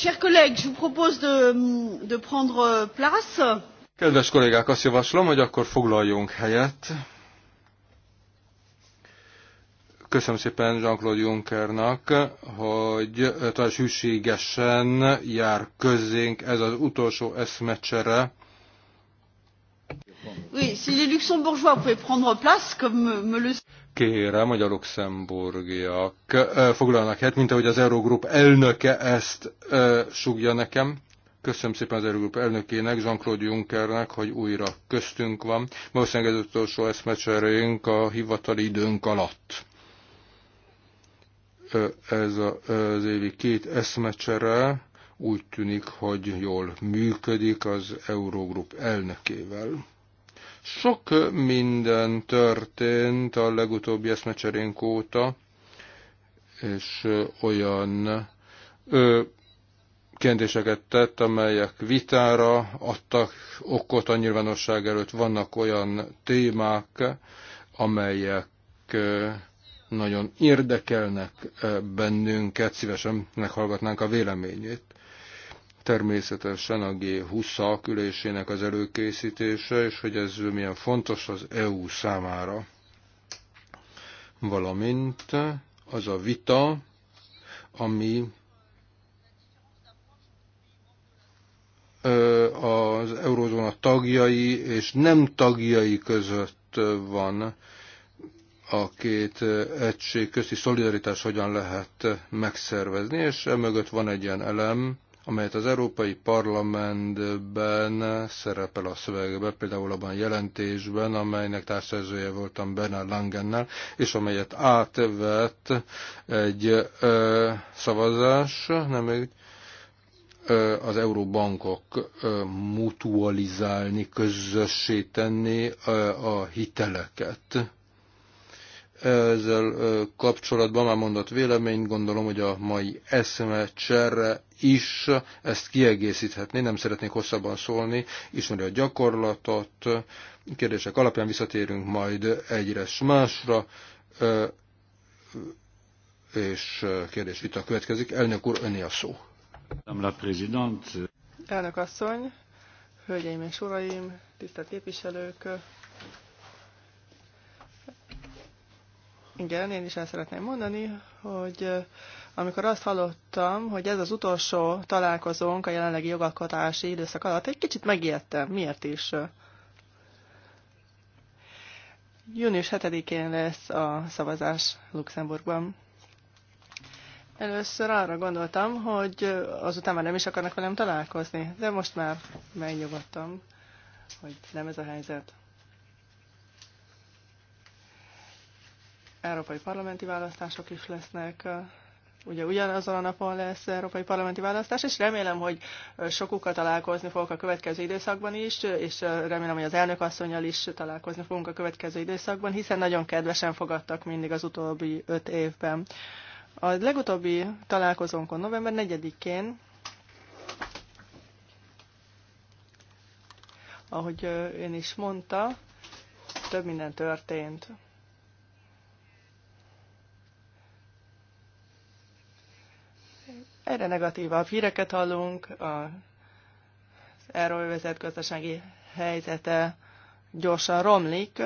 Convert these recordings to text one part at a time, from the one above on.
Chers collègues, je vous propose de, de prendre euh, place. Kedves kollégák, azt javaslom, hogy akkor foglaljunk helyet. Köszönöm szépen Jean-Claude Junckernak, hogy talán hűségesen jár közénk ez az utolsó eszmecsere. Oui, si les luxembourgeois pouvaient prendre place, comme me le kérem, hogy a luxemburgiak foglalnak helyet, mint ahogy az Eurogroup elnöke ezt sugja nekem. Köszönöm szépen az Eurogroup elnökének, Jean-Claude Junckernek, hogy újra köztünk van. Valószínűleg ez utolsó eszmecserénk a hivatali időnk alatt. Ez az évi két eszmecsere úgy tűnik, hogy jól működik az Eurogroup elnökével. Sok minden történt a legutóbbi eszmecserénk óta, és olyan ö, kérdéseket tett, amelyek vitára adtak okot a nyilvánosság előtt. Vannak olyan témák, amelyek nagyon érdekelnek bennünket, szívesen meghallgatnánk a véleményét természetesen a G20-ak ülésének az előkészítése, és hogy ez milyen fontos az EU számára. Valamint az a vita, ami az eurozóna tagjai és nem tagjai között van a két egység közti szolidaritás hogyan lehet megszervezni, és mögött van egy ilyen elem, amelyet az Európai Parlamentben szerepel a szövegben, például abban a jelentésben, amelynek társszerzője voltam Bernard Langennel, és amelyet átvett egy ö, szavazás, nem egy, az euróbankok mutualizálni, közössé tenni a hiteleket ezzel kapcsolatban már mondott véleményt, gondolom, hogy a mai cserre is ezt kiegészíthetné, nem szeretnék hosszabban szólni, ismeri a gyakorlatot, kérdések alapján visszatérünk majd egyre másra, és kérdés vita következik. Elnök úr, öné a szó. Elnök asszony, hölgyeim és uraim, tisztelt képviselők, Igen, én is el szeretném mondani, hogy amikor azt hallottam, hogy ez az utolsó találkozónk a jelenlegi jogalkotási időszak alatt, egy kicsit megijedtem. Miért is? Június 7-én lesz a szavazás Luxemburgban. Először arra gondoltam, hogy azután már nem is akarnak velem találkozni, de most már megnyugodtam, hogy nem ez a helyzet. európai parlamenti választások is lesznek. Ugye ugyanazon a napon lesz európai parlamenti választás, és remélem, hogy sokukkal találkozni fogok a következő időszakban is, és remélem, hogy az elnök asszonyjal is találkozni fogunk a következő időszakban, hiszen nagyon kedvesen fogadtak mindig az utóbbi öt évben. A legutóbbi találkozónkon november 4-én ahogy ön is mondta, több minden történt. Egyre negatívabb híreket hallunk, az vezet gazdasági helyzete gyorsan romlik,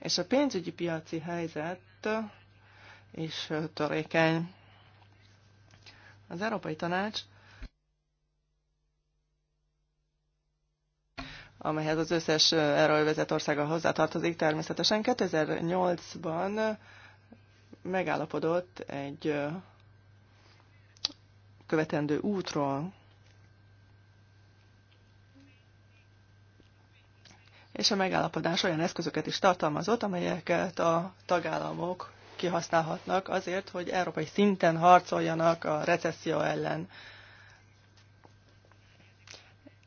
és a pénzügyi piaci helyzet is törékeny. Az Európai Tanács, amelyhez az összes vezet országa hozzátartozik, természetesen 2008-ban megállapodott egy követendő útról. És a megállapodás olyan eszközöket is tartalmazott, amelyeket a tagállamok kihasználhatnak azért, hogy európai szinten harcoljanak a recesszió ellen.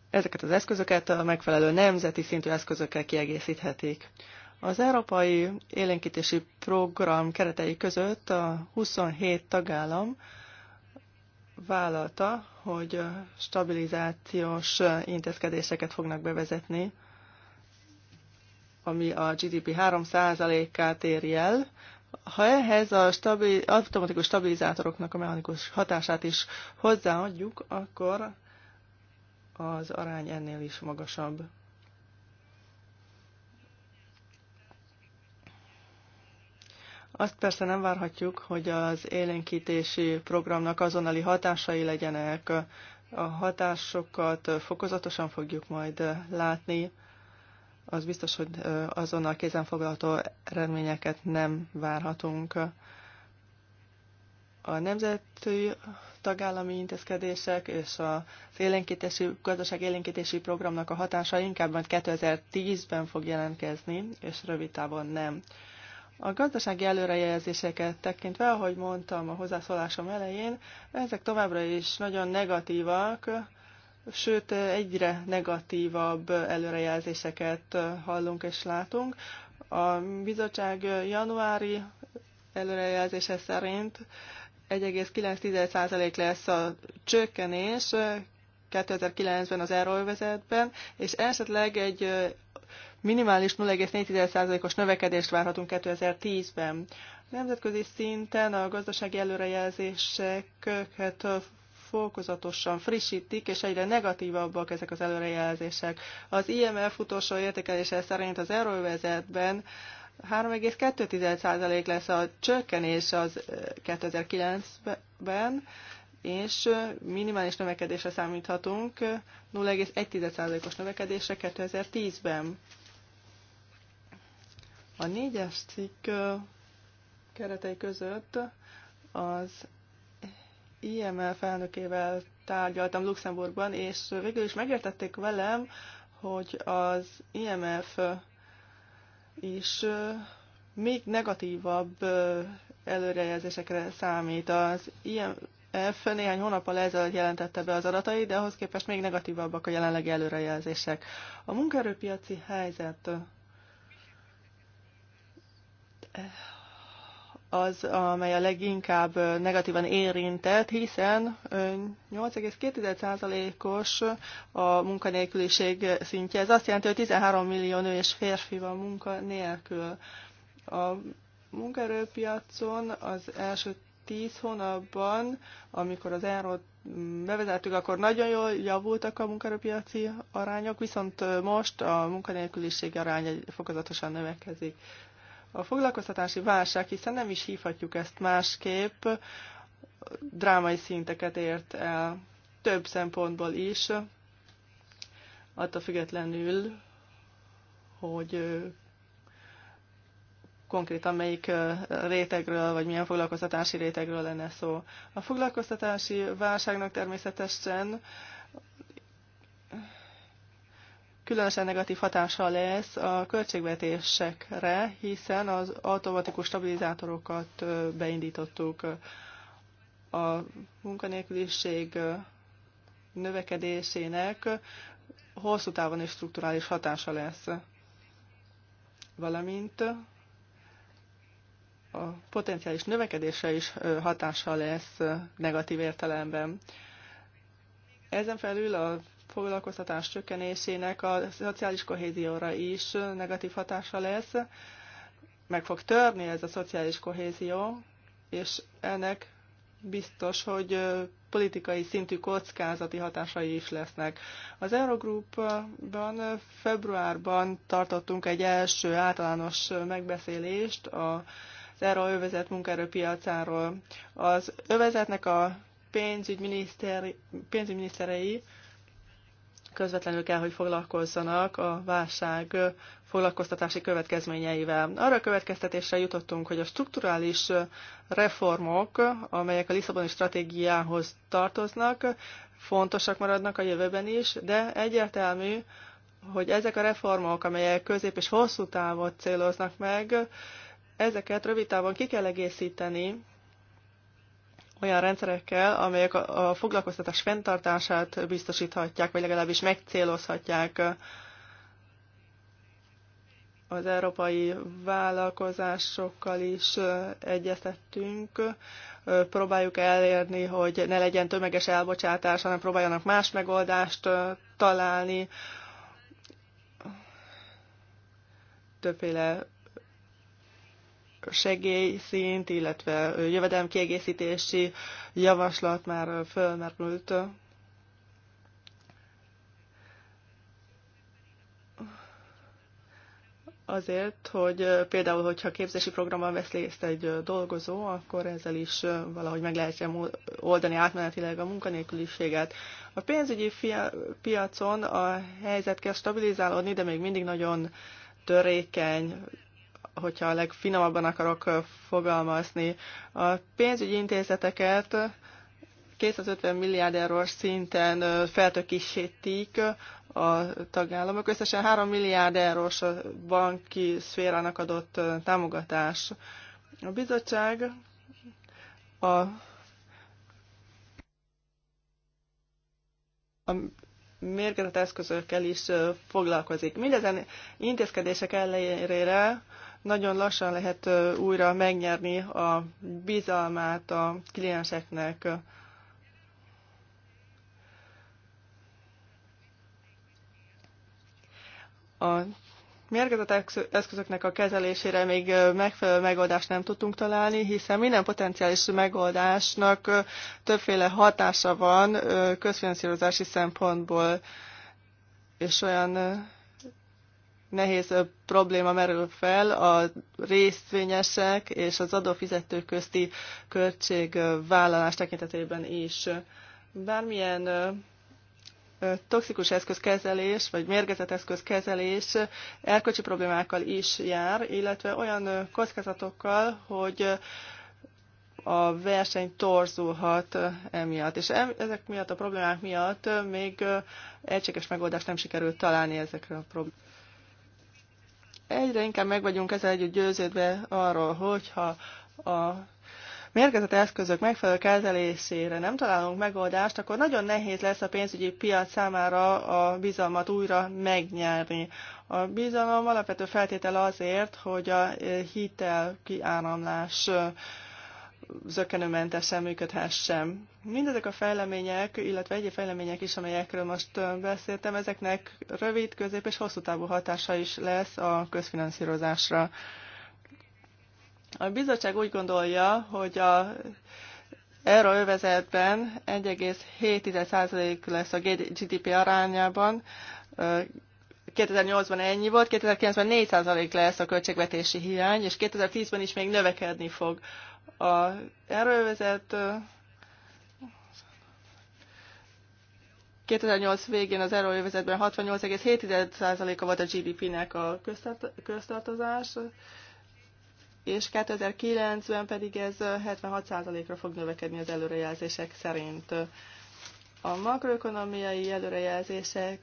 Ezeket az eszközöket a megfelelő nemzeti szintű eszközökkel kiegészíthetik. Az Európai Élénkítési Program keretei között a 27 tagállam vállalta, hogy stabilizációs intézkedéseket fognak bevezetni, ami a GDP 3%-át éri el. Ha ehhez a stabil, automatikus stabilizátoroknak a mechanikus hatását is hozzáadjuk, akkor az arány ennél is magasabb. Azt persze nem várhatjuk, hogy az élénkítési programnak azonnali hatásai legyenek. A hatásokat fokozatosan fogjuk majd látni. Az biztos, hogy azonnal kézenfoglalható eredményeket nem várhatunk. A nemzeti tagállami intézkedések és a élénkítési, gazdaság élénkítési programnak a hatása inkább majd 2010-ben fog jelentkezni, és rövid távon nem. A gazdasági előrejelzéseket tekintve, ahogy mondtam a hozzászólásom elején, ezek továbbra is nagyon negatívak, sőt egyre negatívabb előrejelzéseket hallunk és látunk. A bizottság januári előrejelzése szerint 1,9% lesz a csökkenés 2009-ben az euróvezetben, és esetleg egy minimális 0,4%-os növekedést várhatunk 2010-ben. Nemzetközi szinten a gazdasági előrejelzéseket fokozatosan frissítik, és egyre negatívabbak ezek az előrejelzések. Az IMF utolsó értékelése szerint az erővezetben 3,2% lesz a csökkenés az 2009-ben, és minimális növekedésre számíthatunk 0,1%-os növekedésre 2010-ben. A négyes cikk keretei között az IMF felnökével tárgyaltam Luxemburgban, és végül is megértették velem, hogy az IMF is még negatívabb előrejelzésekre számít. Az IMF néhány hónappal ezelőtt jelentette be az adatai, de ahhoz képest még negatívabbak a jelenlegi előrejelzések. A munkaerőpiaci helyzet az, amely a leginkább negatívan érintett, hiszen 8,2%-os a munkanélküliség szintje. Ez azt jelenti, hogy 13 millió nő és férfi van munkanélkül. A munkaerőpiacon az első 10 hónapban, amikor az árat mm, bevezettük, akkor nagyon jól javultak a munkaerőpiaci arányok, viszont most a munkanélküliség aránya fokozatosan növekezik a foglalkoztatási válság, hiszen nem is hívhatjuk ezt másképp, drámai szinteket ért el több szempontból is, attól függetlenül, hogy konkrétan melyik rétegről, vagy milyen foglalkoztatási rétegről lenne szó. A foglalkoztatási válságnak természetesen különösen negatív hatása lesz a költségvetésekre, hiszen az automatikus stabilizátorokat beindítottuk. A munkanélküliség növekedésének hosszú távon is strukturális hatása lesz. Valamint a potenciális növekedése is hatása lesz negatív értelemben. Ezen felül a foglalkoztatás csökkenésének a szociális kohézióra is negatív hatása lesz. Meg fog törni ez a szociális kohézió, és ennek biztos, hogy politikai szintű kockázati hatásai is lesznek. Az Eurogroupban februárban tartottunk egy első általános megbeszélést az Euróövezet munkaerőpiacáról. Az övezetnek a pénzügyminiszter, pénzügyminiszterei közvetlenül kell, hogy foglalkozzanak a válság foglalkoztatási következményeivel. Arra a következtetésre jutottunk, hogy a strukturális reformok, amelyek a Lisszaboni stratégiához tartoznak, fontosak maradnak a jövőben is, de egyértelmű, hogy ezek a reformok, amelyek közép és hosszú távot céloznak meg, ezeket rövid távon ki kell egészíteni olyan rendszerekkel, amelyek a, a foglalkoztatás fenntartását biztosíthatják, vagy legalábbis megcélozhatják az európai vállalkozásokkal is egyeztettünk. Próbáljuk elérni, hogy ne legyen tömeges elbocsátás, hanem próbáljanak más megoldást találni. Többféle segélyszint, illetve jövedelemkiegészítési javaslat már fölmerült. Azért, hogy például, hogyha képzési programban vesz részt egy dolgozó, akkor ezzel is valahogy meg lehetjen oldani átmenetileg a munkanélküliséget. A pénzügyi piacon a helyzet kell stabilizálódni, de még mindig nagyon törékeny, hogyha a legfinomabban akarok fogalmazni, a pénzügyi intézeteket 250 milliárd eurós szinten feltökisítik a tagállamok. Összesen 3 milliárd eurós a banki szférának adott támogatás. A bizottság a, a mérgezett eszközökkel is foglalkozik. Mindezen intézkedések ellenére nagyon lassan lehet újra megnyerni a bizalmát a klienseknek. A mérgezett eszközöknek a kezelésére még megfelelő megoldást nem tudtunk találni, hiszen minden potenciális megoldásnak többféle hatása van közfinanszírozási szempontból, és olyan nehéz probléma merül fel a részvényesek és az adófizetők közti költségvállalás tekintetében is. Bármilyen toxikus eszközkezelés, vagy mérgezett eszközkezelés erkölcsi problémákkal is jár, illetve olyan kockázatokkal, hogy a verseny torzulhat emiatt. És ezek miatt a problémák miatt még egységes megoldást nem sikerült találni ezekre a problémákra egyre inkább meg vagyunk ezzel együtt győződve arról, hogyha a mérgezett eszközök megfelelő kezelésére nem találunk megoldást, akkor nagyon nehéz lesz a pénzügyi piac számára a bizalmat újra megnyerni. A bizalom alapvető feltétel azért, hogy a hitel kiáramlás zökkenőmentesen sem. Mindezek a fejlemények, illetve egyéb fejlemények is, amelyekről most beszéltem, ezeknek rövid, közép és hosszú távú hatása is lesz a közfinanszírozásra. A bizottság úgy gondolja, hogy a Erre övezetben 1,7% lesz a GDP arányában, 2008-ban ennyi volt, 2009-ben 4% lesz a költségvetési hiány, és 2010-ben is még növekedni fog a erővezet 2008 végén az euróövezetben 68,7%-a volt a GDP-nek a köztartozás, és 2009-ben pedig ez 76%-ra fog növekedni az előrejelzések szerint. A makroökonomiai előrejelzések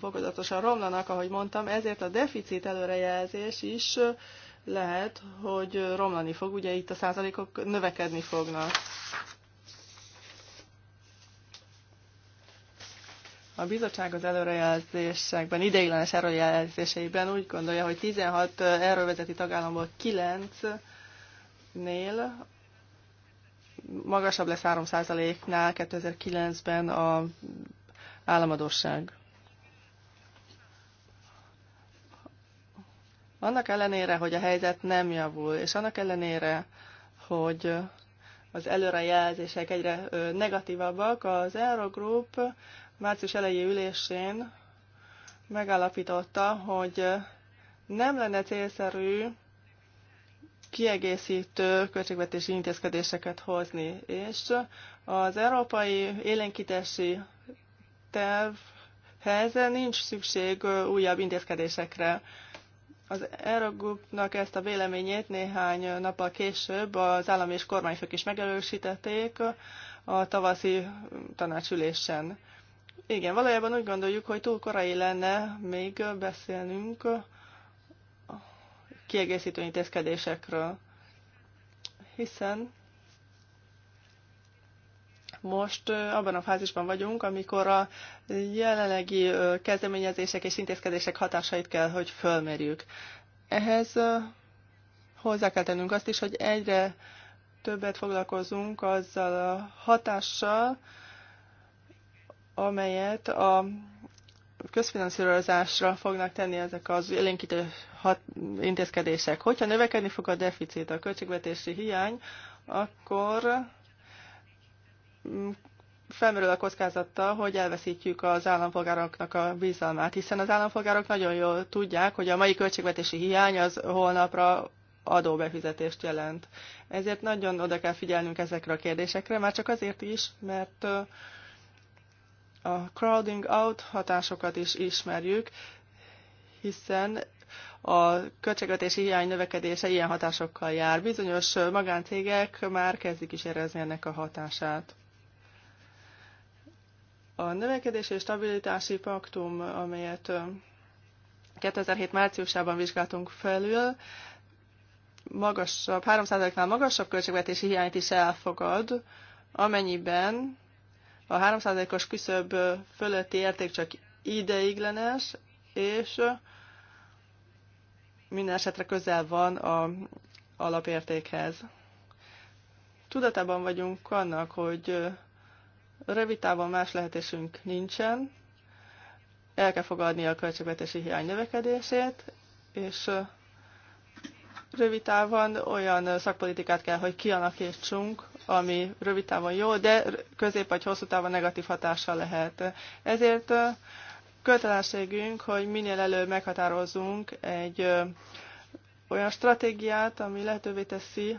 fokozatosan romlanak, ahogy mondtam, ezért a deficit előrejelzés is lehet, hogy romlani fog, ugye itt a százalékok növekedni fognak. A bizottság az előrejelzésekben, ideiglenes előrejelzéseiben úgy gondolja, hogy 16 erővezeti tagállamból 9-nél magasabb lesz 3%-nál 2009-ben a államadóság. Annak ellenére, hogy a helyzet nem javul, és annak ellenére, hogy az előrejelzések egyre negatívabbak, az Eurogroup március elejé ülésén megállapította, hogy nem lenne célszerű kiegészítő költségvetési intézkedéseket hozni, és az európai élénkítési tervhez nincs szükség újabb intézkedésekre. Az Eurogroupnak ezt a véleményét néhány nappal később az állam és kormányfők is megerősítették a tavaszi tanácsülésen. Igen, valójában úgy gondoljuk, hogy túl korai lenne még beszélnünk kiegészítő intézkedésekről, hiszen most abban a fázisban vagyunk, amikor a jelenlegi kezdeményezések és intézkedések hatásait kell, hogy fölmerjük. Ehhez hozzá kell tennünk azt is, hogy egyre többet foglalkozunk azzal a hatással, amelyet a közfinanszírozásra fognak tenni ezek az élénkítő intézkedések. Hogyha növekedni fog a deficit, a költségvetési hiány, akkor felmerül a kockázata, hogy elveszítjük az állampolgároknak a bizalmát, hiszen az állampolgárok nagyon jól tudják, hogy a mai költségvetési hiány az holnapra adóbefizetést jelent. Ezért nagyon oda kell figyelnünk ezekre a kérdésekre, már csak azért is, mert a crowding out hatásokat is ismerjük, hiszen a költségvetési hiány növekedése ilyen hatásokkal jár. Bizonyos magáncégek már kezdik is érezni ennek a hatását. A növekedés és stabilitási paktum, amelyet 2007 márciusában vizsgáltunk felül, magasabb, 3%-nál magasabb költségvetési hiányt is elfogad, amennyiben a 3%-os küszöb fölötti érték csak ideiglenes, és minden esetre közel van a alapértékhez. Tudatában vagyunk annak, hogy Rövid távon más lehetésünk nincsen. El kell fogadni a költségvetési hiány növekedését, és rövid távon olyan szakpolitikát kell, hogy kialakítsunk, ami rövid távon jó, de közép vagy hosszú távon negatív hatása lehet. Ezért kötelességünk, hogy minél előbb meghatározunk egy olyan stratégiát, ami lehetővé teszi,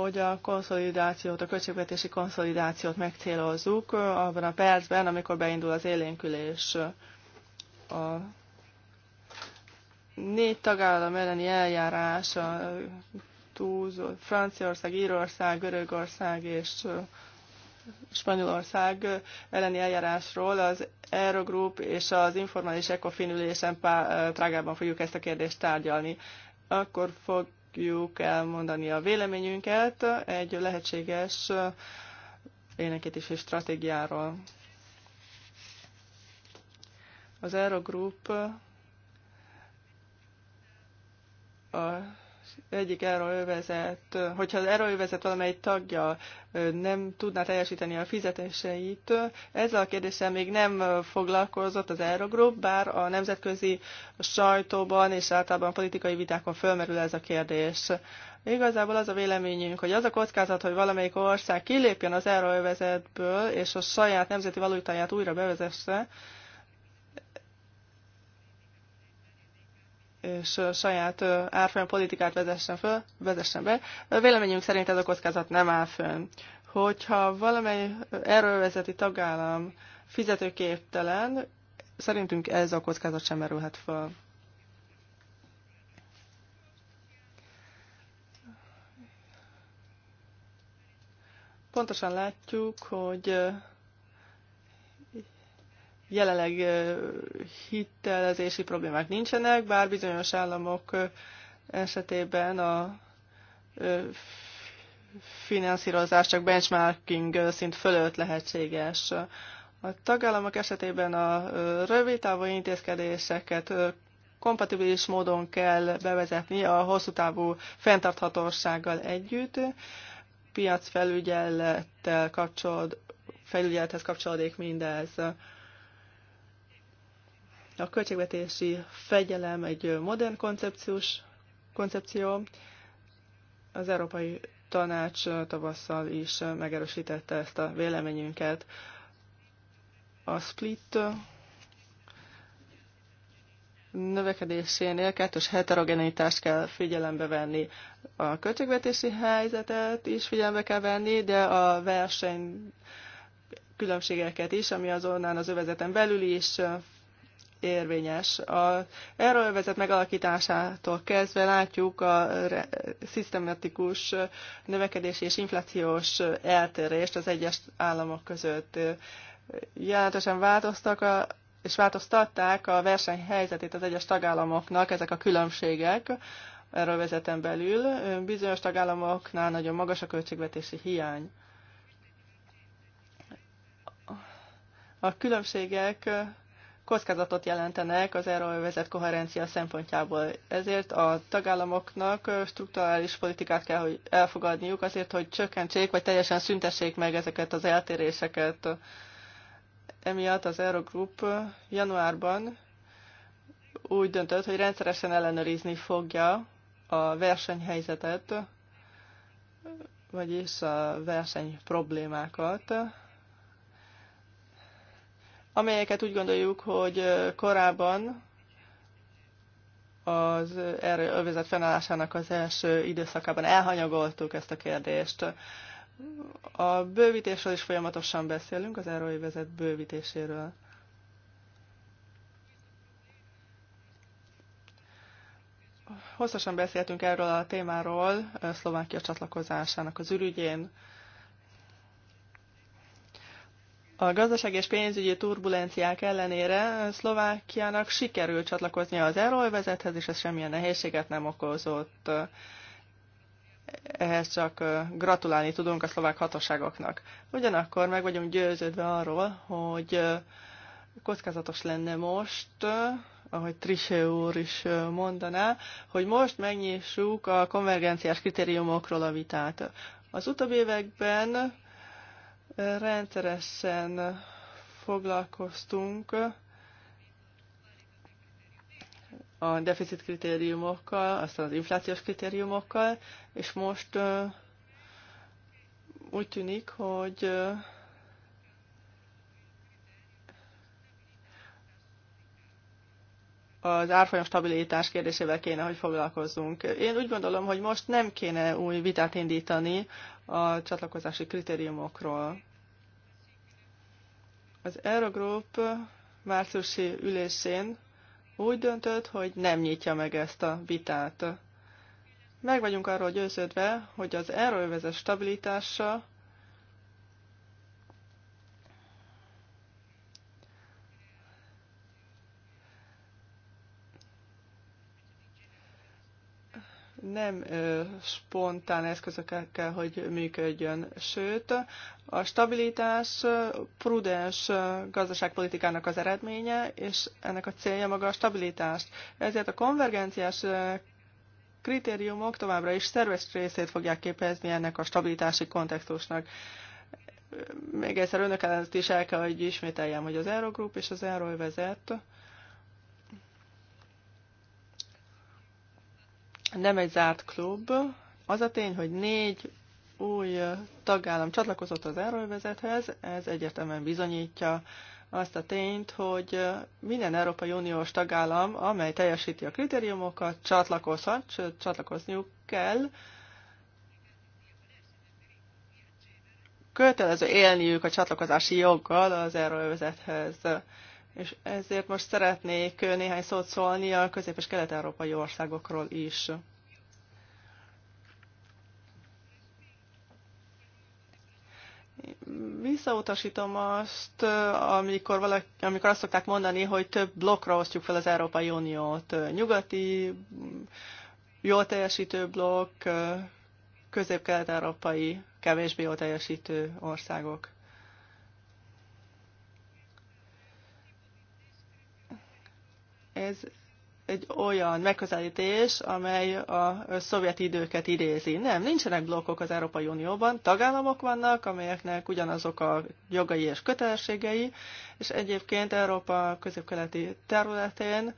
hogy a konszolidációt, a költségvetési konszolidációt megcélozzuk abban a percben, amikor beindul az élénkülés. A négy tagállam elleni eljárás, a Túz, Franciaország, Írország, Görögország és Spanyolország elleni eljárásról az Eurogroup és az informális ECOFIN ülésen Prágában fogjuk ezt a kérdést tárgyalni. Akkor fog fogjuk elmondani a véleményünket egy lehetséges énekítési stratégiáról. Az Group a egyik euróövezet, hogyha az euróövezet valamelyik tagja nem tudná teljesíteni a fizetéseit, ezzel a kérdéssel még nem foglalkozott az Eurogroup, bár a nemzetközi sajtóban és általában politikai vitákon fölmerül ez a kérdés. Igazából az a véleményünk, hogy az a kockázat, hogy valamelyik ország kilépjen az euróövezetből, és a saját nemzeti valutáját újra bevezesse, és saját árfolyam politikát vezessen, föl, vezessen be. Véleményünk szerint ez a kockázat nem áll fönn. Hogyha valamely erővezeti tagállam fizetőképtelen, szerintünk ez a kockázat sem merülhet föl. Pontosan látjuk, hogy Jelenleg hitelezési problémák nincsenek, bár bizonyos államok esetében a finanszírozás csak benchmarking szint fölött lehetséges. A tagállamok esetében a rövid távú intézkedéseket kompatibilis módon kell bevezetni a hosszú távú fenntarthatósággal együtt, piacfelügyelettel kapcsolód, felügyelethez kapcsolódik mindez. A költségvetési fegyelem egy modern koncepciós koncepció. Az Európai Tanács tavasszal is megerősítette ezt a véleményünket. A split növekedésénél kettős heterogenitást kell figyelembe venni. A költségvetési helyzetet is figyelembe kell venni, de a verseny különbségeket is, ami azonnal az övezeten belül is érvényes. A erővezet megalakításától kezdve látjuk a szisztematikus növekedési és inflációs eltérést az egyes államok között. Jelentősen változtak a, és változtatták a versenyhelyzetét az egyes tagállamoknak ezek a különbségek, erről vezetem belül. Bizonyos tagállamoknál nagyon magas a költségvetési hiány. A különbségek kockázatot jelentenek az euróvezet koherencia szempontjából. Ezért a tagállamoknak strukturális politikát kell, hogy elfogadniuk azért, hogy csökkentsék, vagy teljesen szüntessék meg ezeket az eltéréseket. Emiatt az Eurogroup januárban úgy döntött, hogy rendszeresen ellenőrizni fogja a versenyhelyzetet, vagyis a verseny problémákat amelyeket úgy gondoljuk, hogy korábban az erőövezet fennállásának az első időszakában elhanyagoltuk ezt a kérdést. A bővítésről is folyamatosan beszélünk, az erőövezet bővítéséről. Hosszasan beszéltünk erről a témáról Szlovákia csatlakozásának az ürügyén, A gazdasági és pénzügyi turbulenciák ellenére Szlovákiának sikerült csatlakoznia az euróvezethez, és ez semmilyen nehézséget nem okozott. Ehhez csak gratulálni tudunk a szlovák hatóságoknak. Ugyanakkor meg vagyunk győződve arról, hogy kockázatos lenne most, ahogy Trise úr is mondaná, hogy most megnyissuk a konvergenciás kritériumokról a vitát. Az utóbbi években rendszeresen foglalkoztunk a deficit kritériumokkal, aztán az inflációs kritériumokkal, és most úgy tűnik, hogy az árfolyam stabilitás kérdésével kéne, hogy foglalkozzunk. Én úgy gondolom, hogy most nem kéne új vitát indítani a csatlakozási kritériumokról. Az Eurogroup márciusi ülésén úgy döntött, hogy nem nyitja meg ezt a vitát. Meg vagyunk arról győződve, hogy az euróövezet stabilitása nem ö, spontán eszközökkel kell, hogy működjön. Sőt, a stabilitás prudens gazdaságpolitikának az eredménye, és ennek a célja maga a stabilitást. Ezért a konvergenciás kritériumok továbbra is szerves részét fogják képezni ennek a stabilitási kontextusnak. Még egyszer önök előtt is el kell, hogy ismételjem, hogy az Eurogroup és az Euróvezet vezet nem egy zárt klub. Az a tény, hogy négy új tagállam csatlakozott az erővezethez, ez egyértelműen bizonyítja azt a tényt, hogy minden Európai Uniós tagállam, amely teljesíti a kritériumokat, csatlakozhat, sőt, csatlakozniuk kell, kötelező élniük a csatlakozási joggal az euróvezethez és ezért most szeretnék néhány szót szólni a közép- és kelet-európai országokról is. Visszautasítom azt, amikor, valaki, amikor azt szokták mondani, hogy több blokkra osztjuk fel az Európai Uniót. Nyugati, jól teljesítő blokk, közép-kelet-európai, kevésbé jól teljesítő országok. Ez egy olyan megközelítés, amely a szovjet időket idézi. Nem, nincsenek blokkok az Európai Unióban, tagállamok vannak, amelyeknek ugyanazok a jogai és kötelességei, és egyébként Európa középkeleti területén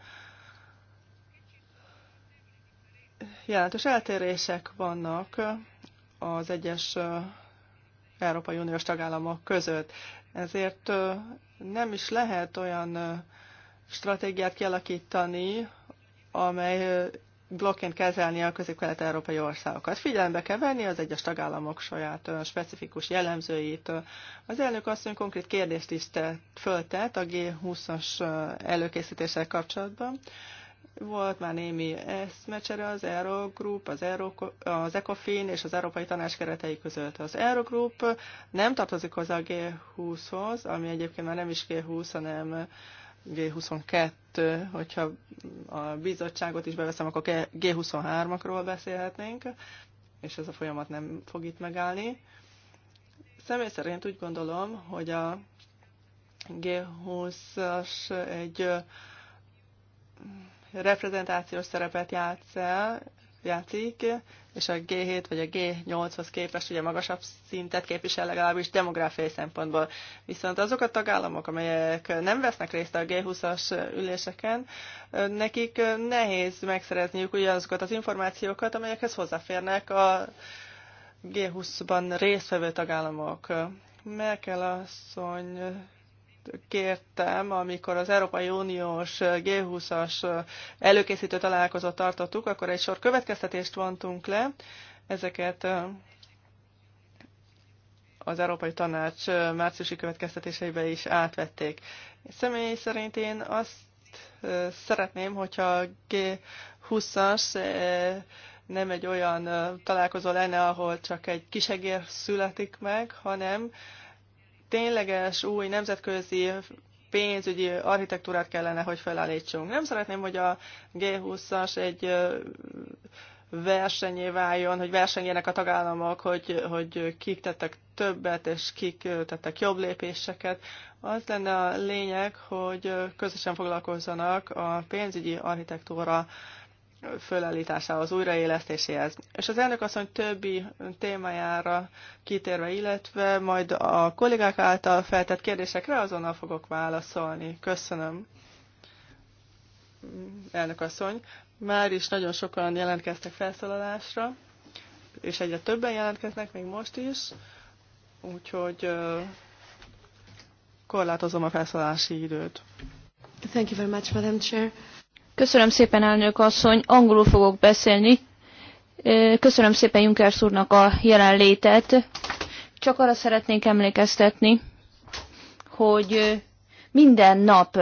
jelentős eltérések vannak az egyes Európai Uniós tagállamok között. Ezért nem is lehet olyan stratégiát kialakítani, amely blokként kezelni a közép-kelet-európai országokat. Figyelembe kell venni az egyes tagállamok saját specifikus jellemzőit. Az elnök asszony konkrét kérdést is föltett a G20-as előkészítéssel kapcsolatban. Volt már némi eszmecsere az Eurogroup, az, Euro, az ECOFIN és az Európai Tanács keretei között. Az Eurogroup nem tartozik hozzá a G20-hoz, ami egyébként már nem is G20, hanem G22, hogyha a bizottságot is beveszem, akkor G23-akról beszélhetnénk, és ez a folyamat nem fog itt megállni. Személy szerint úgy gondolom, hogy a G20-as egy reprezentációs szerepet játsz el, játszik, és a G7 vagy a G8-hoz képest ugye magasabb szintet képvisel legalábbis demográfiai szempontból. Viszont azok a tagállamok, amelyek nem vesznek részt a G20-as üléseken, nekik nehéz megszerezniük ugyanazokat az információkat, amelyekhez hozzáférnek a G20-ban résztvevő tagállamok. Merkel asszony kértem, amikor az Európai Uniós G20-as előkészítő találkozót tartottuk, akkor egy sor következtetést vontunk le. Ezeket az Európai Tanács márciusi következtetéseibe is átvették. Személy szerint én azt szeretném, hogyha G20-as nem egy olyan találkozó lenne, ahol csak egy kisegér születik meg, hanem tényleges új nemzetközi pénzügyi architektúrát kellene, hogy felállítsunk. Nem szeretném, hogy a G20-as egy versenyé váljon, hogy versenyjenek a tagállamok, hogy, hogy kik tettek többet, és kik tettek jobb lépéseket. Az lenne a lényeg, hogy közösen foglalkozzanak a pénzügyi architektúra fölállításához, újraélesztéséhez. És az elnök asszony többi témájára kitérve, illetve majd a kollégák által feltett kérdésekre azonnal fogok válaszolni. Köszönöm, elnök asszony. Már is nagyon sokan jelentkeztek felszólalásra, és egyre többen jelentkeznek még most is, úgyhogy korlátozom a felszólalási időt. Thank you very much, Madam Chair. Köszönöm szépen, elnök asszony, angolul fogok beszélni. Köszönöm szépen Juncker úrnak a jelenlétet. Csak arra szeretnék emlékeztetni, hogy minden nap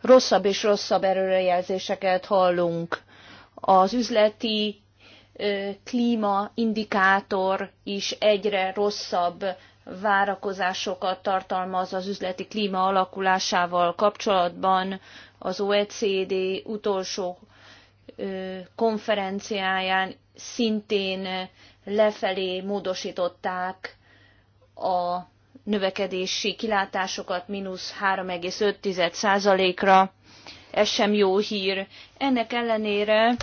rosszabb és rosszabb erőrejelzéseket hallunk. Az üzleti klímaindikátor is egyre rosszabb várakozásokat tartalmaz az üzleti klíma alakulásával kapcsolatban az OECD utolsó konferenciáján szintén lefelé módosították a növekedési kilátásokat mínusz 3,5%-ra. Ez sem jó hír. Ennek ellenére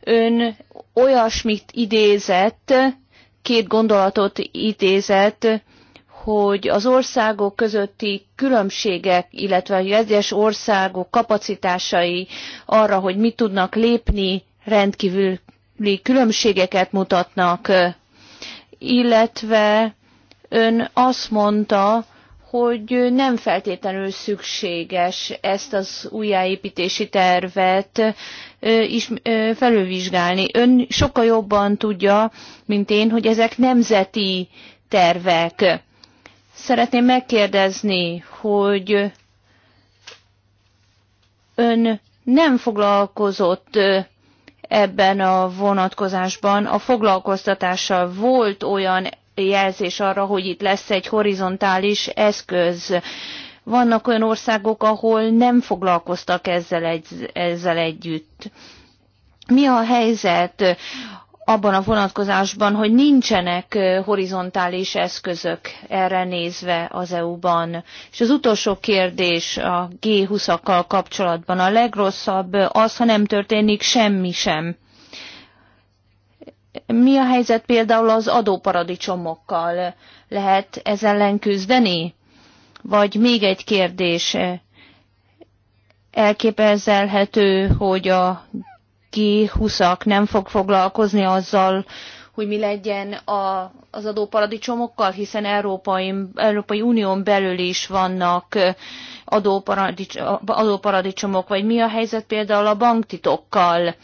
ön olyasmit idézett, két gondolatot idézett, hogy az országok közötti különbségek, illetve az egyes országok kapacitásai arra, hogy mit tudnak lépni, rendkívüli különbségeket mutatnak, illetve ön azt mondta, hogy nem feltétlenül szükséges ezt az újjáépítési tervet is felülvizsgálni. Ön sokkal jobban tudja, mint én, hogy ezek nemzeti tervek Szeretném megkérdezni, hogy ön nem foglalkozott ebben a vonatkozásban a foglalkoztatással. Volt olyan jelzés arra, hogy itt lesz egy horizontális eszköz. Vannak olyan országok, ahol nem foglalkoztak ezzel, egy, ezzel együtt. Mi a helyzet? abban a vonatkozásban, hogy nincsenek horizontális eszközök erre nézve az EU-ban. És az utolsó kérdés a G20-akkal kapcsolatban. A legrosszabb az, ha nem történik semmi sem. Mi a helyzet például az adóparadicsomokkal? Lehet ez ellen küzdeni? Vagy még egy kérdés. Elképzelhető, hogy a ki huszak nem fog foglalkozni azzal, hogy mi legyen a, az adóparadicsomokkal, hiszen Európai, Európai Unión belül is vannak adóparadicsomok, vagy mi a helyzet például a banktitokkal.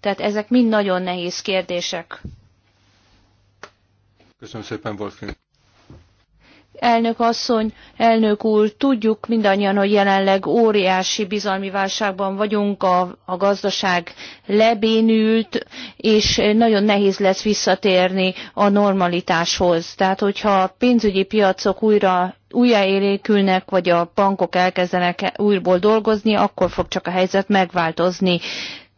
Tehát ezek mind nagyon nehéz kérdések. Köszönöm szépen, Wolfgang. Elnök asszony, elnök úr, tudjuk mindannyian, hogy jelenleg óriási bizalmi válságban vagyunk, a, gazdaság lebénült, és nagyon nehéz lesz visszatérni a normalitáshoz. Tehát, hogyha a pénzügyi piacok újjáélénkülnek vagy a bankok elkezdenek újból dolgozni, akkor fog csak a helyzet megváltozni.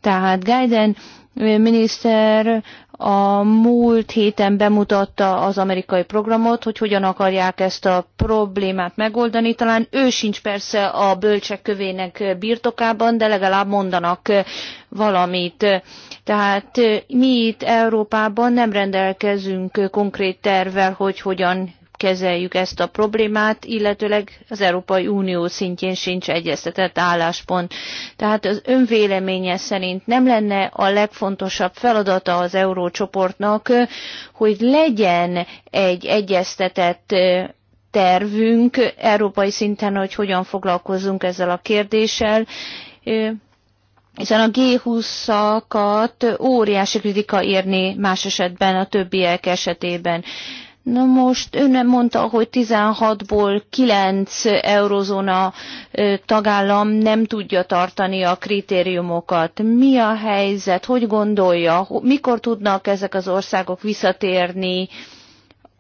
Tehát Gaiden miniszter a múlt héten bemutatta az amerikai programot, hogy hogyan akarják ezt a problémát megoldani. Talán ő sincs persze a bölcsek kövének birtokában, de legalább mondanak valamit. Tehát mi itt Európában nem rendelkezünk konkrét tervvel, hogy hogyan kezeljük ezt a problémát, illetőleg az Európai Unió szintjén sincs egyeztetett álláspont. Tehát az önvéleménye szerint nem lenne a legfontosabb feladata az eurócsoportnak, hogy legyen egy egyeztetett tervünk európai szinten, hogy hogyan foglalkozzunk ezzel a kérdéssel, hiszen a G20-akat óriási kritika érni más esetben a többiek esetében. Na most ön nem mondta, hogy 16-ból 9 eurozóna tagállam nem tudja tartani a kritériumokat. Mi a helyzet? Hogy gondolja? Mikor tudnak ezek az országok visszatérni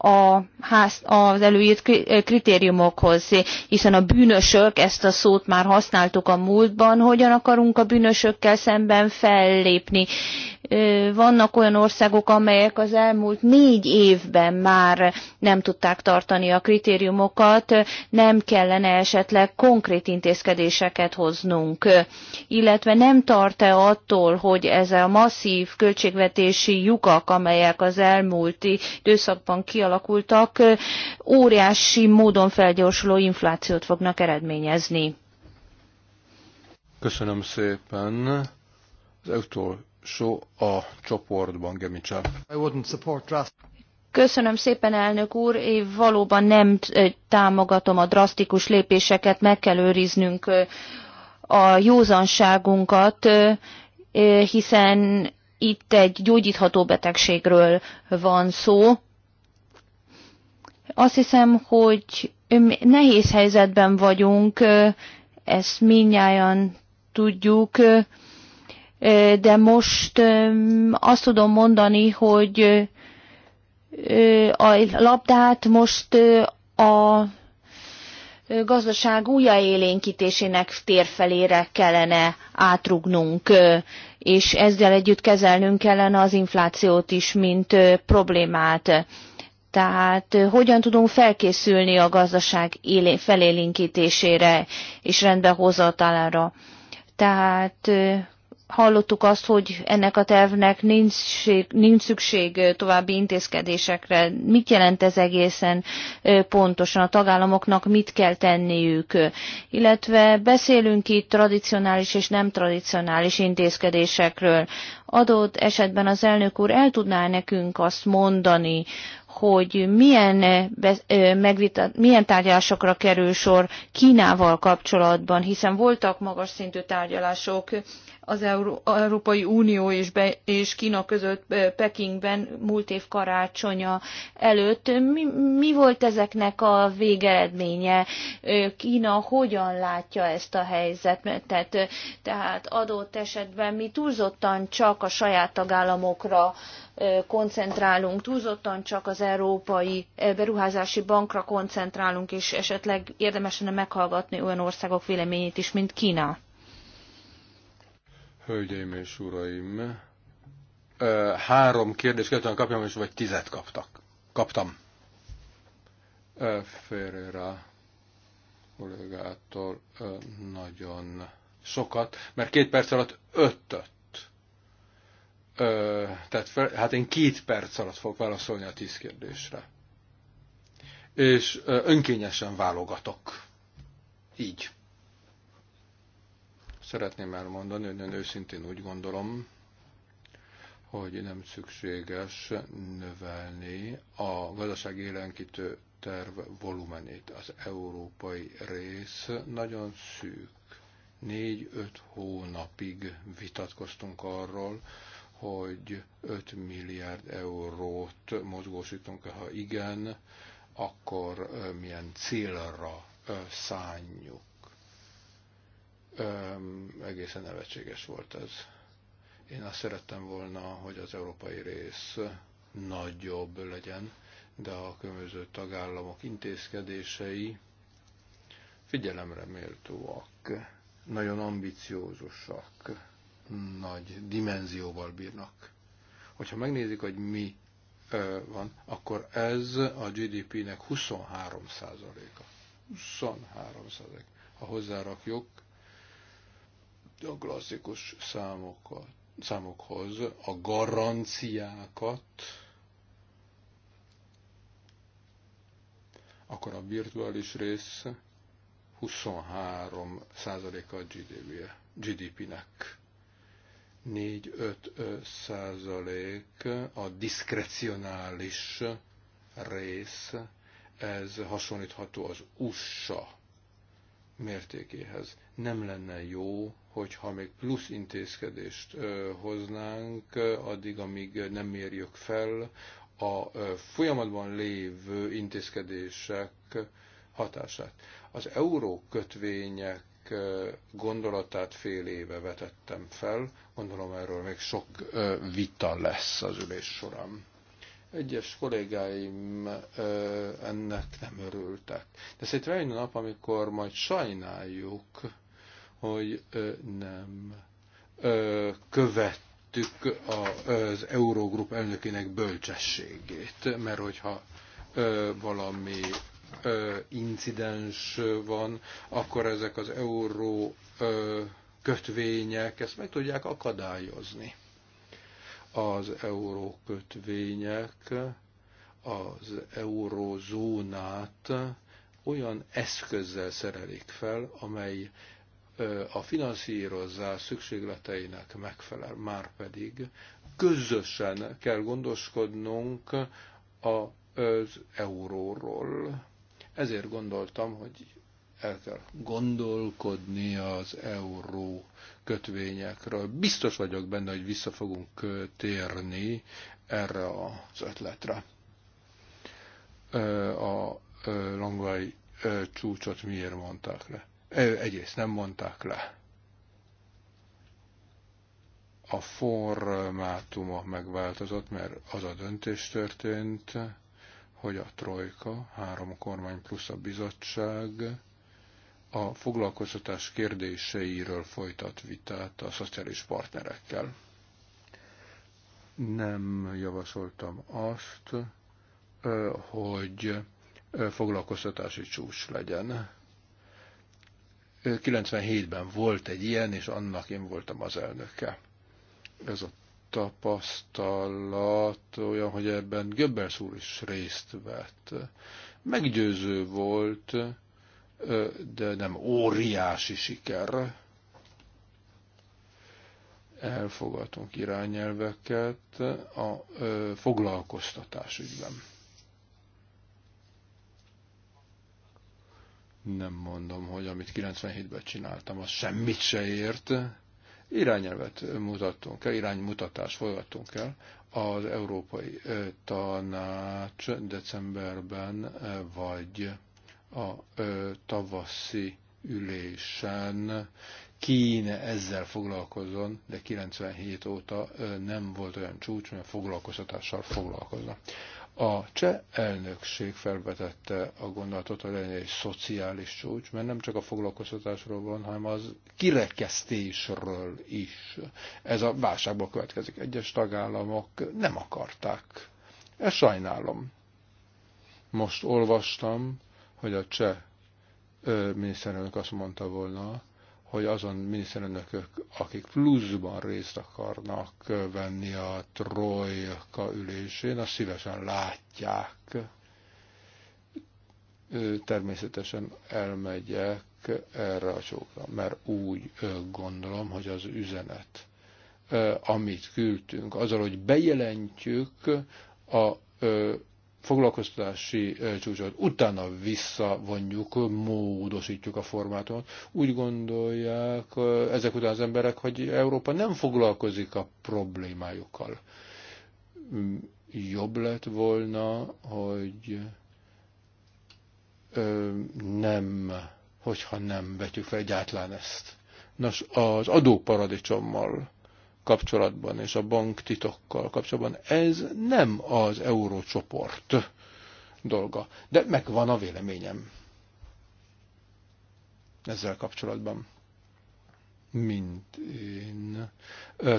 a ház, az előírt kritériumokhoz, hiszen a bűnösök, ezt a szót már használtuk a múltban, hogyan akarunk a bűnösökkel szemben fellépni, vannak olyan országok, amelyek az elmúlt négy évben már nem tudták tartani a kritériumokat, nem kellene esetleg konkrét intézkedéseket hoznunk, illetve nem tart-e attól, hogy ez a masszív költségvetési lyukak, amelyek az elmúlt időszakban kialakultak, óriási módon felgyorsuló inflációt fognak eredményezni. Köszönöm szépen. Az EU-tól szó a csoportban, Gemicsa. Köszönöm szépen, elnök úr. Én valóban nem támogatom a drasztikus lépéseket, meg kell őriznünk a józanságunkat, hiszen itt egy gyógyítható betegségről van szó. Azt hiszem, hogy nehéz helyzetben vagyunk, ezt minnyáján tudjuk, de most azt tudom mondani, hogy a labdát most a gazdaság újjáélénkítésének térfelére kellene átrugnunk, és ezzel együtt kezelnünk kellene az inflációt is, mint problémát. Tehát hogyan tudunk felkészülni a gazdaság felélinkítésére és rendbehozatalára. Tehát hallottuk azt, hogy ennek a tervnek nincs, nincs szükség további intézkedésekre. Mit jelent ez egészen pontosan? A tagállamoknak mit kell tenniük? Illetve beszélünk itt tradicionális és nem tradicionális intézkedésekről. Adott esetben az elnök úr el tudná nekünk azt mondani, hogy milyen, megvita, milyen tárgyalásokra kerül sor Kínával kapcsolatban, hiszen voltak magas szintű tárgyalások az Európai Unió és, be, és Kína között Pekingben múlt év karácsonya előtt. Mi, mi volt ezeknek a végeredménye? Kína hogyan látja ezt a helyzetet? Tehát adott esetben mi túlzottan csak a saját tagállamokra koncentrálunk, túlzottan csak az Európai Beruházási Bankra koncentrálunk, és esetleg érdemes lenne meghallgatni olyan országok véleményét is, mint Kína. Hölgyeim és uraim, három kérdést kellett kapjam, és vagy tizet kaptak. Kaptam. Ferreira kollégától nagyon sokat, mert két perc alatt ötöt ö, fel, hát én két perc alatt fogok válaszolni a tíz kérdésre. És ö, önkényesen válogatok. Így. Szeretném elmondani, hogy nagyon őszintén úgy gondolom, hogy nem szükséges növelni a gazdaság élenkítő terv volumenét. Az európai rész nagyon szűk. Négy-öt hónapig vitatkoztunk arról, hogy 5 milliárd eurót mozgósítunk, ha igen, akkor milyen célra szánjuk. Egészen nevetséges volt ez. Én azt szerettem volna, hogy az európai rész nagyobb legyen, de a különböző tagállamok intézkedései figyelemre méltóak, nagyon ambiciózusak nagy dimenzióval bírnak. Hogyha megnézik, hogy mi van, akkor ez a GDP-nek 23 százaléka. 23 százalék. Ha hozzárakjuk a klasszikus számokat, számokhoz a garanciákat, akkor a virtuális rész 23 százaléka a GDP-nek. gdp nek 4-5 százalék a diszkrecionális rész, ez hasonlítható az USA mértékéhez. Nem lenne jó, hogyha még plusz intézkedést hoznánk, addig, amíg nem mérjük fel a folyamatban lévő intézkedések hatását. Az euró kötvények gondolatát fél éve vetettem fel, gondolom erről még sok vita lesz az ülés során. Egyes kollégáim ennek nem örültek. De szerintem egy nap, amikor majd sajnáljuk, hogy nem követtük az Eurogrup elnökének bölcsességét, mert hogyha valami incidens van, akkor ezek az euró kötvények ezt meg tudják akadályozni. Az euró kötvények az eurózónát olyan eszközzel szerelik fel, amely a finanszírozás szükségleteinek megfelel, már pedig közösen kell gondoskodnunk az euróról ezért gondoltam, hogy el kell gondolkodni az euró kötvényekről. Biztos vagyok benne, hogy vissza fogunk térni erre az ötletre. A langvai csúcsot miért mondták le? Egyrészt nem mondták le. A formátuma megváltozott, mert az a döntés történt, hogy a trojka, három kormány plusz a bizottság a foglalkoztatás kérdéseiről folytat vitát a szociális partnerekkel. Nem javasoltam azt, hogy foglalkoztatási csúcs legyen. 97-ben volt egy ilyen, és annak én voltam az elnöke. Ez a tapasztalat olyan, hogy ebben Göbbels úr is részt vett. Meggyőző volt, de nem óriási siker. Elfogadtunk irányelveket a foglalkoztatás ügyben. Nem mondom, hogy amit 97-ben csináltam, az semmit se ért, irányelvet mutattunk el, iránymutatást folytattunk el. Az Európai Tanács decemberben vagy a tavaszi ülésen kéne ezzel foglalkozzon, de 97 óta nem volt olyan csúcs, mert foglalkoztatással foglalkozna. A cseh elnökség felvetette a gondolatot, hogy legyen egy szociális csúcs, mert nem csak a foglalkoztatásról van, hanem az kirekesztésről is. Ez a válságból következik. Egyes tagállamok nem akarták. Ezt sajnálom. Most olvastam, hogy a cseh miniszterelnök azt mondta volna, hogy azon miniszterelnökök, akik pluszban részt akarnak venni a trojka ülésén, azt szívesen látják. Természetesen elmegyek erre a csókra, mert úgy gondolom, hogy az üzenet, amit küldtünk, azzal, hogy bejelentjük a foglalkoztatási csúcsot, utána visszavonjuk, módosítjuk a formátumot. Úgy gondolják ezek után az emberek, hogy Európa nem foglalkozik a problémájukkal. Mm, jobb lett volna, hogy nem, hogyha nem vetjük fel egyáltalán ezt. Nos, az adóparadicsommal kapcsolatban és a bank titokkal kapcsolatban. Ez nem az eurócsoport dolga, de megvan a véleményem ezzel kapcsolatban. Mint én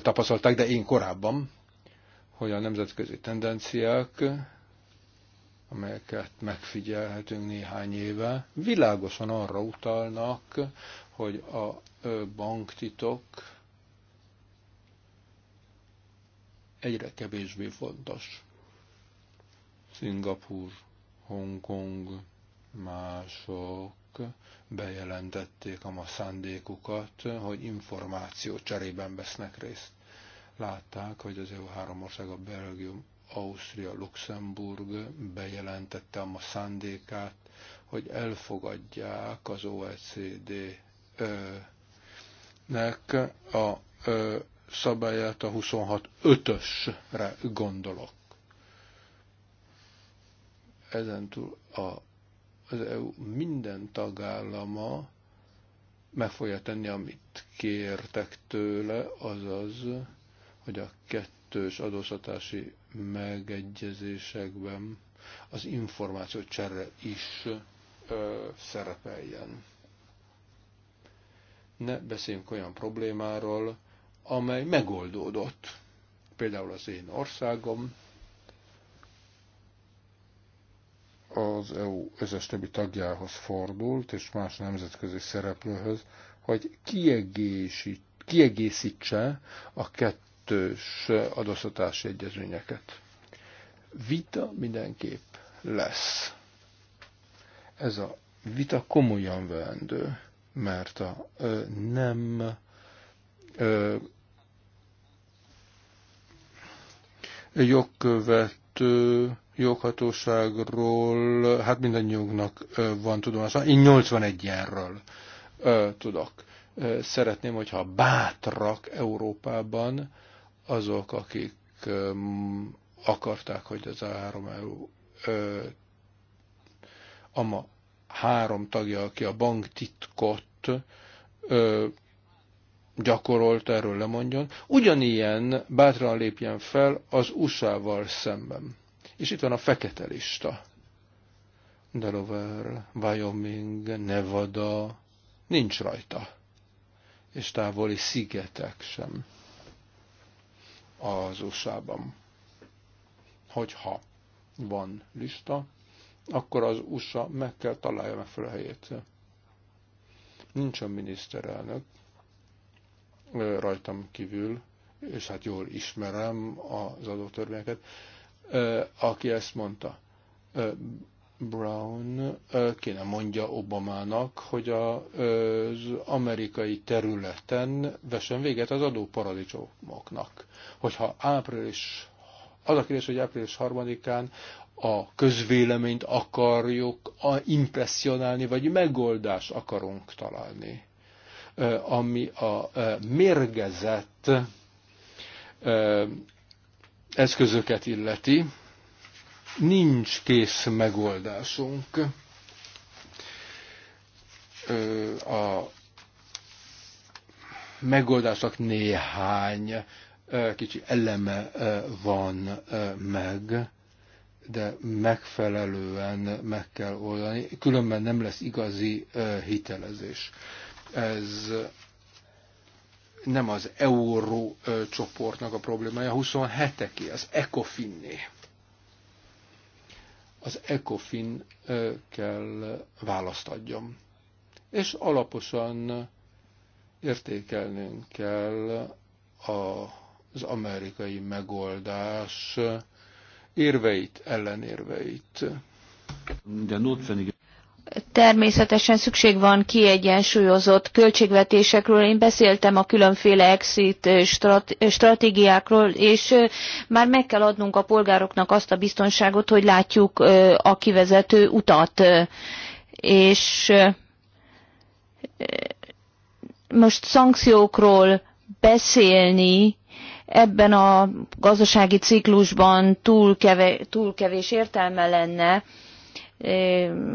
tapasztalták, de én korábban, hogy a nemzetközi tendenciák, amelyeket megfigyelhetünk néhány éve, világosan arra utalnak, hogy a banktitok egyre kevésbé fontos. Szingapur, Hongkong, mások bejelentették a ma szándékukat, hogy információ cserében vesznek részt. Látták, hogy az EU három ország, a Belgium, Ausztria, Luxemburg bejelentette a ma szándékát, hogy elfogadják az OECD-nek a szabályát a 26.5-ösre gondolok. Ezentúl a, az EU minden tagállama meg fogja tenni, amit kértek tőle, azaz, hogy a kettős adóztatási megegyezésekben az információ csere is ö, szerepeljen. Ne beszéljünk olyan problémáról, amely megoldódott. Például az én országom, az EU összes többi tagjához fordult, és más nemzetközi szereplőhöz, hogy kiegészítse a kettős adóztatási egyezményeket. Vita mindenképp lesz. Ez a vita komolyan vendő, mert a ö, nem jogkövető joghatóságról, hát mindannyiunknak van tudomása. Én 81 ö, tudok. Szeretném, hogyha bátrak Európában azok, akik akarták, hogy ez a három EU a ma három tagja, aki a banktitkot gyakorolt erről lemondjon, ugyanilyen bátran lépjen fel az USA-val szemben. És itt van a fekete lista. Delaware, Wyoming, Nevada, nincs rajta. És távoli szigetek sem az USA-ban. Hogyha van lista, akkor az USA meg kell találja meg a helyét. Nincs a miniszterelnök, rajtam kívül, és hát jól ismerem az adótörvényeket, aki ezt mondta. Brown kéne mondja Obamának, hogy az amerikai területen vessen véget az adóparadicsomoknak. Hogyha április, az a kérdés, hogy április harmadikán a közvéleményt akarjuk a impressionálni, vagy megoldást akarunk találni ami a mérgezett eszközöket illeti, nincs kész megoldásunk. A megoldásnak néhány kicsi eleme van meg, de megfelelően meg kell oldani, különben nem lesz igazi hitelezés. Ez nem az euró csoportnak a problémája, 27-eké, az ECOFIN-né. Az ECOFIN kell választ adjam. És alaposan értékelnünk kell az amerikai megoldás érveit, ellenérveit. De természetesen szükség van kiegyensúlyozott költségvetésekről. Én beszéltem a különféle exit eh, eh, stratégiákról, és eh, már meg kell adnunk a polgároknak azt a biztonságot, hogy látjuk a kivezető utat. És most szankciókról beszélni, ebben a gazdasági ciklusban túl, keve, túl kevés értelme lenne,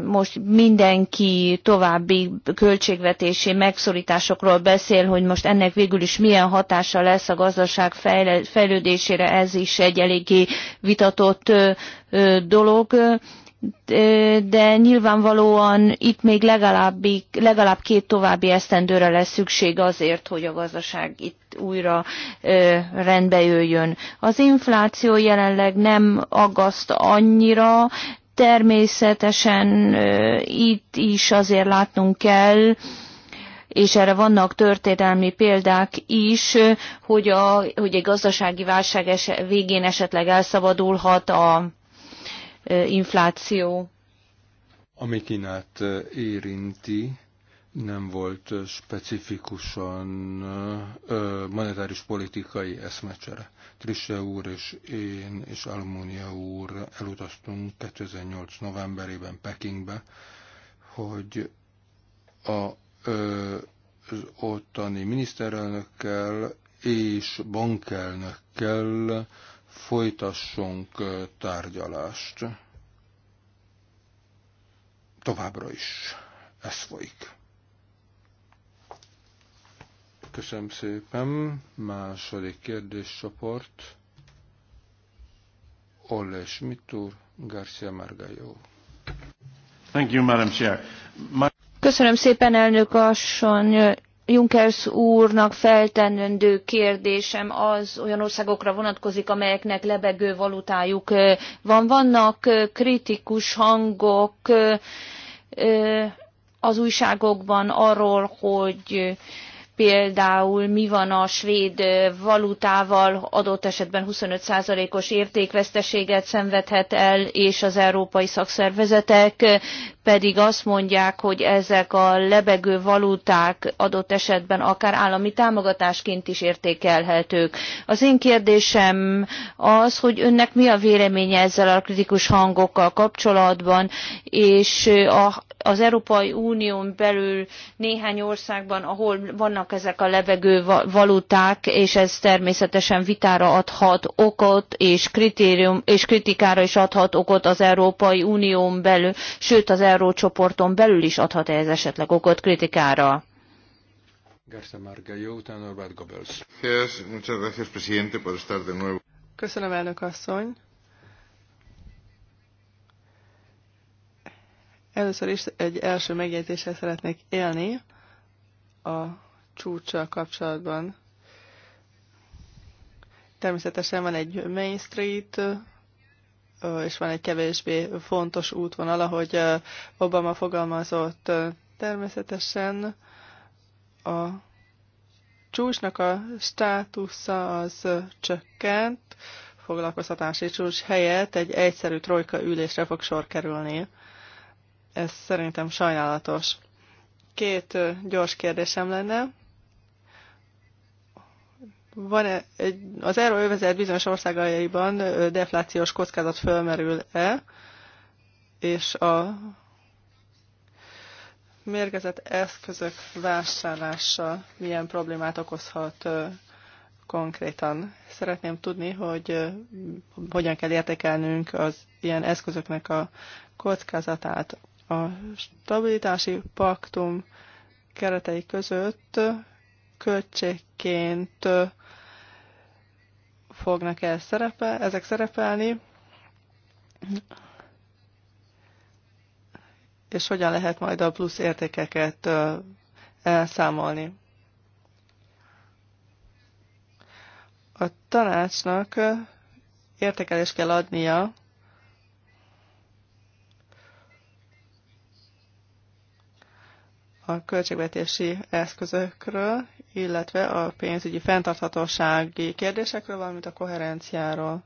most mindenki további költségvetési megszorításokról beszél, hogy most ennek végül is milyen hatása lesz a gazdaság fejlődésére, ez is egy eléggé vitatott dolog de nyilvánvalóan itt még legalább, legalább két további esztendőre lesz szükség azért, hogy a gazdaság itt újra rendbe jöjjön. Az infláció jelenleg nem aggaszt annyira, Természetesen itt is azért látnunk kell, és erre vannak történelmi példák is, hogy, a, hogy egy gazdasági válság es, végén esetleg elszabadulhat a infláció. Ami Kínát érinti, nem volt specifikusan monetáris politikai eszmecsere. Trisse úr és én és Almunia úr elutaztunk 2008. novemberében Pekingbe, hogy a, az ottani miniszterelnökkel és bankelnökkel folytassunk tárgyalást. Továbbra is ez folyik. Köszönöm szépen. Második kérdéscsoport. Olle Schmidt úr, Garcia Margallo. Thank you, Madam Chair. My... Köszönöm szépen, elnök asszony. Junkers úrnak feltennendő kérdésem az olyan országokra vonatkozik, amelyeknek lebegő valutájuk van. Vannak kritikus hangok az újságokban arról, hogy például mi van a svéd valutával, adott esetben 25%-os értékveszteséget szenvedhet el, és az európai szakszervezetek pedig azt mondják, hogy ezek a lebegő valuták adott esetben akár állami támogatásként is értékelhetők. Az én kérdésem az, hogy önnek mi a véleménye ezzel a kritikus hangokkal kapcsolatban, és a, az Európai Unión belül néhány országban, ahol vannak vannak ezek a levegő valuták, és ez természetesen vitára adhat okot, és, kritérium, és kritikára is adhat okot az Európai Unión belül, sőt az Eurócsoporton belül is adhat ez esetleg okot kritikára. Garza Margallo, utána Norbert Goebbels. Köszönöm, elnök asszony. Először is egy első megjegyzéssel szeretnék élni a Csúcsa kapcsolatban. Természetesen van egy Main Street, és van egy kevésbé fontos útvonal, ahogy Obama fogalmazott. Természetesen a csúcsnak a státusza az csökkent, foglalkoztatási csúcs helyett egy egyszerű trojka ülésre fog sor kerülni. Ez szerintem sajnálatos. Két gyors kérdésem lenne van -e egy, az euróövezet bizonyos országaiban deflációs kockázat fölmerül-e, és a mérgezett eszközök vásárlása milyen problémát okozhat konkrétan. Szeretném tudni, hogy hogyan kell értékelnünk az ilyen eszközöknek a kockázatát. A stabilitási paktum keretei között költségként fognak -e szerepel, ezek szerepelni, és hogyan lehet majd a plusz értékeket elszámolni. A tanácsnak értékelést kell adnia a költségvetési eszközökről, illetve a pénzügyi fenntarthatósági kérdésekről, valamint a koherenciáról.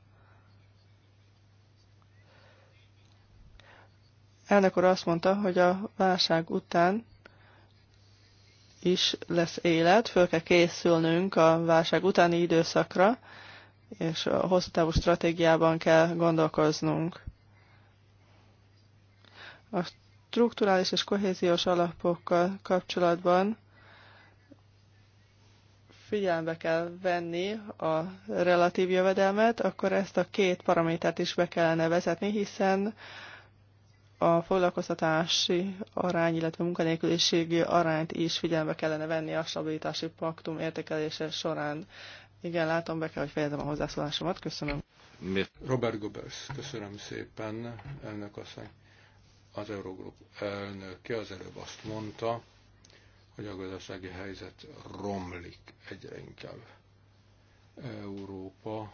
Elnök úr azt mondta, hogy a válság után is lesz élet, föl kell készülnünk a válság utáni időszakra, és a hosszú távú stratégiában kell gondolkoznunk. A strukturális és kohéziós alapokkal kapcsolatban figyelembe kell venni a relatív jövedelmet, akkor ezt a két paramétert is be kellene vezetni, hiszen a foglalkoztatási arány, illetve munkanélküliségi arányt is figyelembe kellene venni a stabilitási paktum értékelése során. Igen, látom, be kell, hogy fejezem a hozzászólásomat. Köszönöm. Robert Gobers, köszönöm szépen, elnök asszony. Az Eurogroup elnöke az előbb azt mondta, hogy a gazdasági helyzet romlik egyre inkább. Európa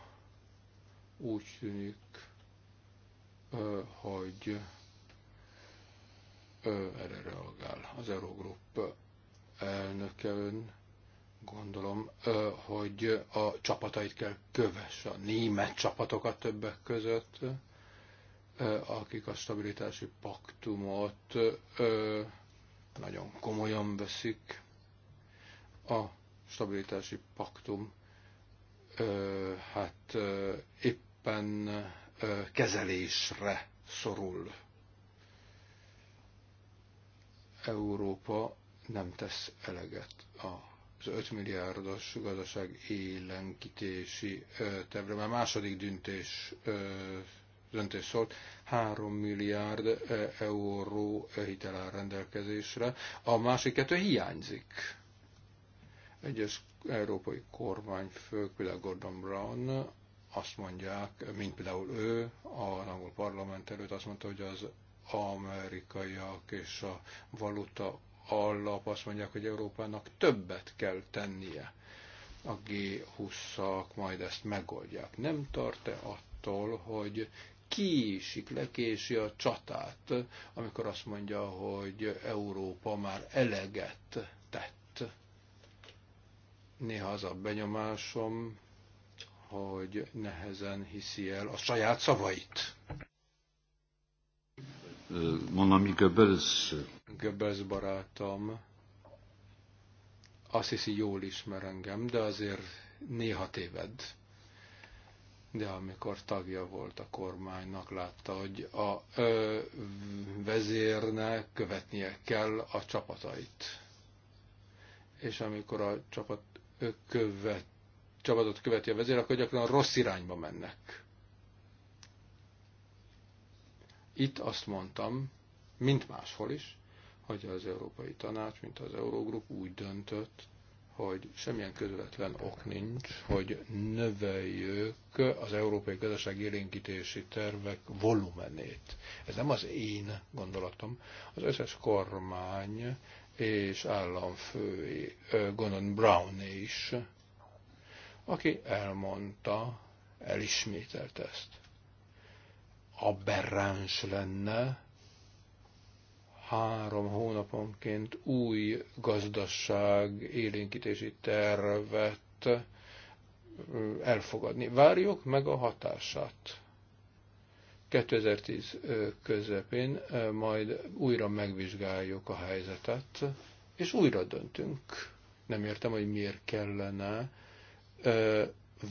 úgy tűnik, hogy erre reagál. Az Eurogrupp elnöke ön, gondolom, hogy a csapatait kell kövesse, a német csapatokat többek között, akik a stabilitási paktumot nagyon komolyan veszik. A stabilitási paktum ö, hát ö, éppen ö, kezelésre szorul. Európa nem tesz eleget az 5 milliárdos gazdaság élenkítési tervre. mert második döntés döntés szólt, 3 milliárd eh, euró eh, hitel áll rendelkezésre, a másik kettő hiányzik. Egyes európai kormányfők, például Gordon Brown, azt mondják, mint például ő, a angol parlament előtt azt mondta, hogy az amerikaiak és a valuta alap azt mondják, hogy Európának többet kell tennie. A G20-ak majd ezt megoldják. Nem tart-e attól, hogy kiisik, lekési a csatát, amikor azt mondja, hogy Európa már eleget tett. Néha az a benyomásom, hogy nehezen hiszi el a saját szavait. Monami ami Goebbels. barátom. Azt hiszi, jól ismer engem, de azért néha téved de amikor tagja volt a kormánynak, látta, hogy a ö, vezérnek követnie kell a csapatait. És amikor a csapat követ, csapatot követi a vezér, akkor gyakran rossz irányba mennek. Itt azt mondtam, mint máshol is, hogy az Európai Tanács, mint az Eurogrup úgy döntött, hogy semmilyen közvetlen ok nincs, hogy növeljük az európai gazdaság élénkítési tervek volumenét. Ez nem az én gondolatom, az összes kormány és államfői, Gordon Brown is, aki elmondta, elismételt ezt. Aberráns lenne, három hónaponként új gazdaság élénkítési tervet elfogadni. Várjuk meg a hatását. 2010 közepén majd újra megvizsgáljuk a helyzetet, és újra döntünk. Nem értem, hogy miért kellene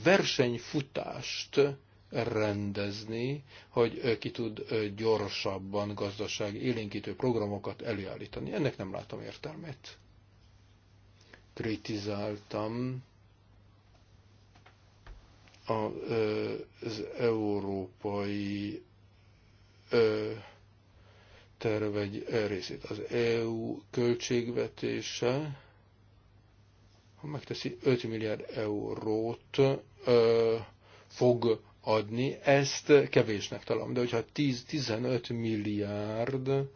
versenyfutást rendezni, hogy ki tud gyorsabban gazdaság élénkítő programokat előállítani. Ennek nem látom értelmet. Kritizáltam az európai terv egy részét. Az EU költségvetése, ha megteszi 5 milliárd eurót, fog adni, ezt kevésnek találom. De hogyha 10-15 milliárd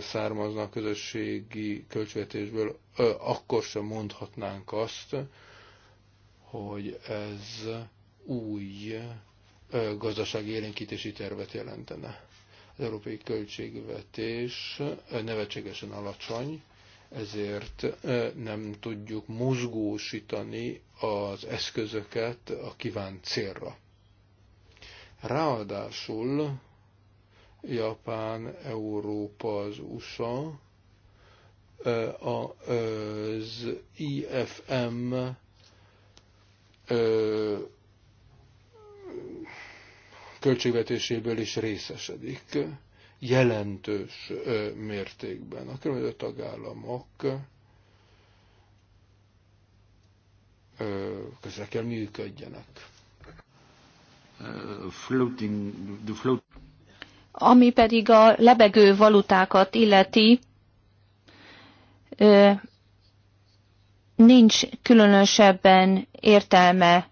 származna a közösségi költségvetésből, akkor sem mondhatnánk azt, hogy ez új gazdasági élénkítési tervet jelentene. Az európai költségvetés nevetségesen alacsony, ezért nem tudjuk mozgósítani az eszközöket a kívánt célra. Ráadásul Japán, Európa, az USA, az IFM költségvetéséből is részesedik jelentős mértékben. A különböző tagállamok közre kell működjenek floating, the float... Ami pedig a lebegő valutákat illeti, nincs különösebben értelme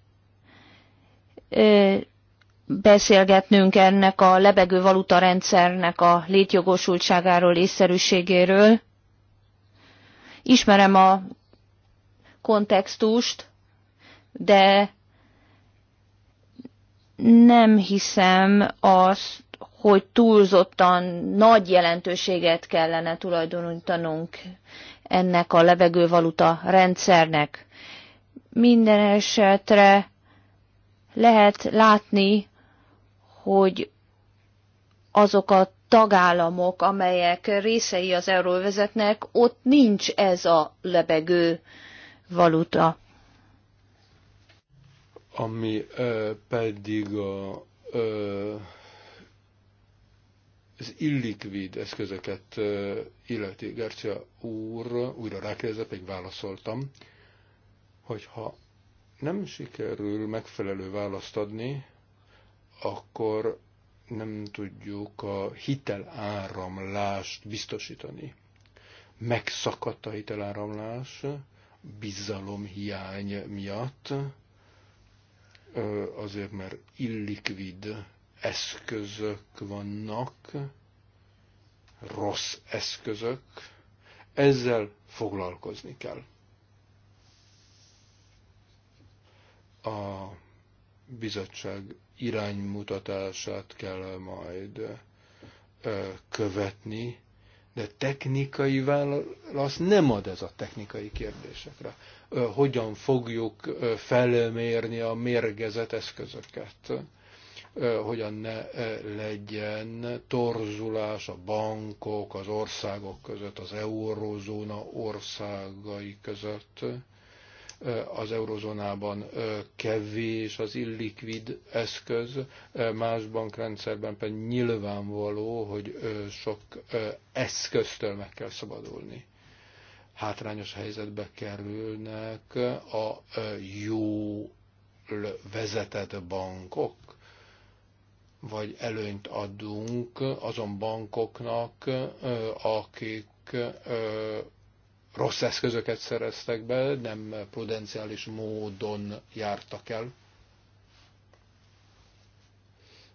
beszélgetnünk ennek a lebegő valuta rendszernek a létjogosultságáról, észszerűségéről. Ismerem a kontextust, de nem hiszem azt, hogy túlzottan nagy jelentőséget kellene tulajdonítanunk ennek a levegővaluta rendszernek. Minden esetre lehet látni, hogy azok a tagállamok, amelyek részei az euróvezetnek, ott nincs ez a lebegő valuta ami ö, pedig a, ö, az illikvid eszközöket ö, illeti Gercia úr, újra rákérdezett, még válaszoltam, hogyha nem sikerül megfelelő választ adni, akkor nem tudjuk a hiteláramlást biztosítani. Megszakadt a hiteláramlás bizalomhiány miatt, azért mert illikvid eszközök vannak, rossz eszközök, ezzel foglalkozni kell. A bizottság iránymutatását kell majd követni, de technikai válasz nem ad ez a technikai kérdésekre hogyan fogjuk felmérni a mérgezett eszközöket, hogyan ne legyen torzulás a bankok, az országok között, az eurózóna országai között. Az eurozónában kevés az illikvid eszköz, más bankrendszerben pedig nyilvánvaló, hogy sok eszköztől meg kell szabadulni hátrányos helyzetbe kerülnek a jól vezetett bankok, vagy előnyt adunk azon bankoknak, akik rossz eszközöket szereztek be, nem prudenciális módon jártak el.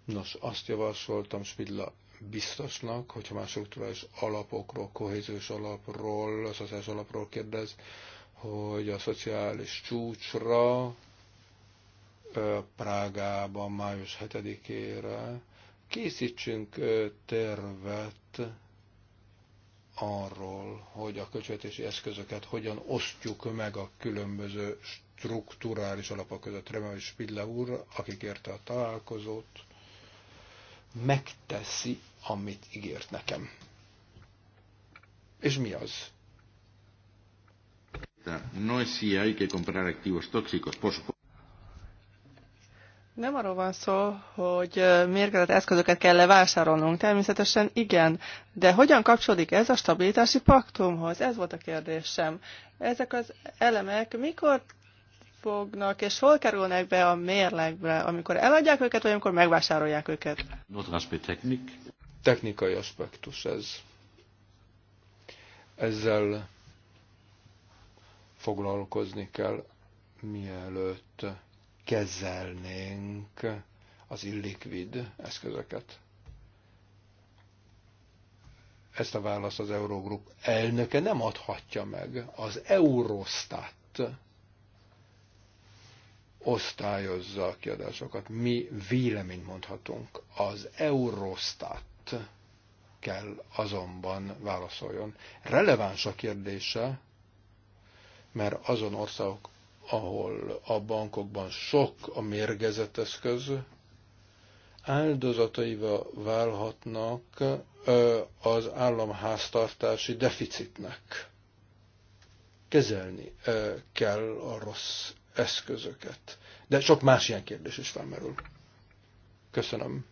Nos, azt javasoltam Spidla biztosnak, hogyha már struktúrális alapokról, kohéziós alapról, a szociális alapról kérdez, hogy a szociális csúcsra Prágában május 7-ére készítsünk tervet arról, hogy a költségvetési eszközöket hogyan osztjuk meg a különböző strukturális alapok között. Remélem, hogy Spille úr, akik érte a találkozót, megteszi amit ígért nekem. És mi az? No es si hay que comprar activos tóxicos, por supuesto. Nem arról van szó, hogy mérgezett eszközöket kell levásárolnunk, természetesen igen, de hogyan kapcsolódik ez a stabilitási paktumhoz? Ez volt a kérdésem. Ezek az elemek mikor fognak, és hol kerülnek be a mérlegbe, amikor eladják őket, vagy amikor megvásárolják őket? technikai aspektus ez. Ezzel foglalkozni kell, mielőtt kezelnénk az illikvid eszközöket. Ezt a választ az Eurogroup elnöke nem adhatja meg. Az Eurostat osztályozza a kiadásokat. Mi véleményt mondhatunk. Az Eurostat kell azonban válaszoljon. Releváns a kérdése, mert azon országok, ahol a bankokban sok a mérgezett eszköz, áldozataiva válhatnak az államháztartási deficitnek. Kezelni kell a rossz eszközöket. De sok más ilyen kérdés is felmerül. Köszönöm.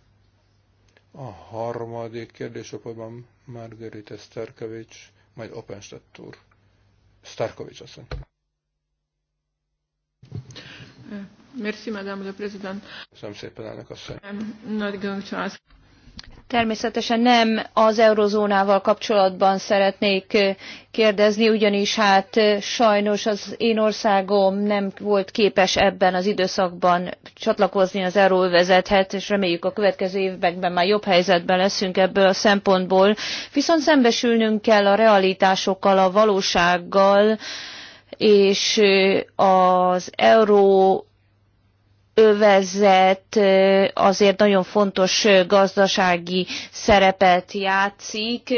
A harmadik kérdés kérdéscsoportban Margarita Starkovics, majd Openstadt úr. Starkovics asszony. Merci, Madame la présidente. Köszönöm szépen, elnök asszony. Nagy not Természetesen nem az eurozónával kapcsolatban szeretnék kérdezni, ugyanis hát sajnos az én országom nem volt képes ebben az időszakban csatlakozni az euróvezethet, és reméljük a következő években már jobb helyzetben leszünk ebből a szempontból. Viszont szembesülnünk kell a realitásokkal, a valósággal, és az euró övezet azért nagyon fontos gazdasági szerepet játszik,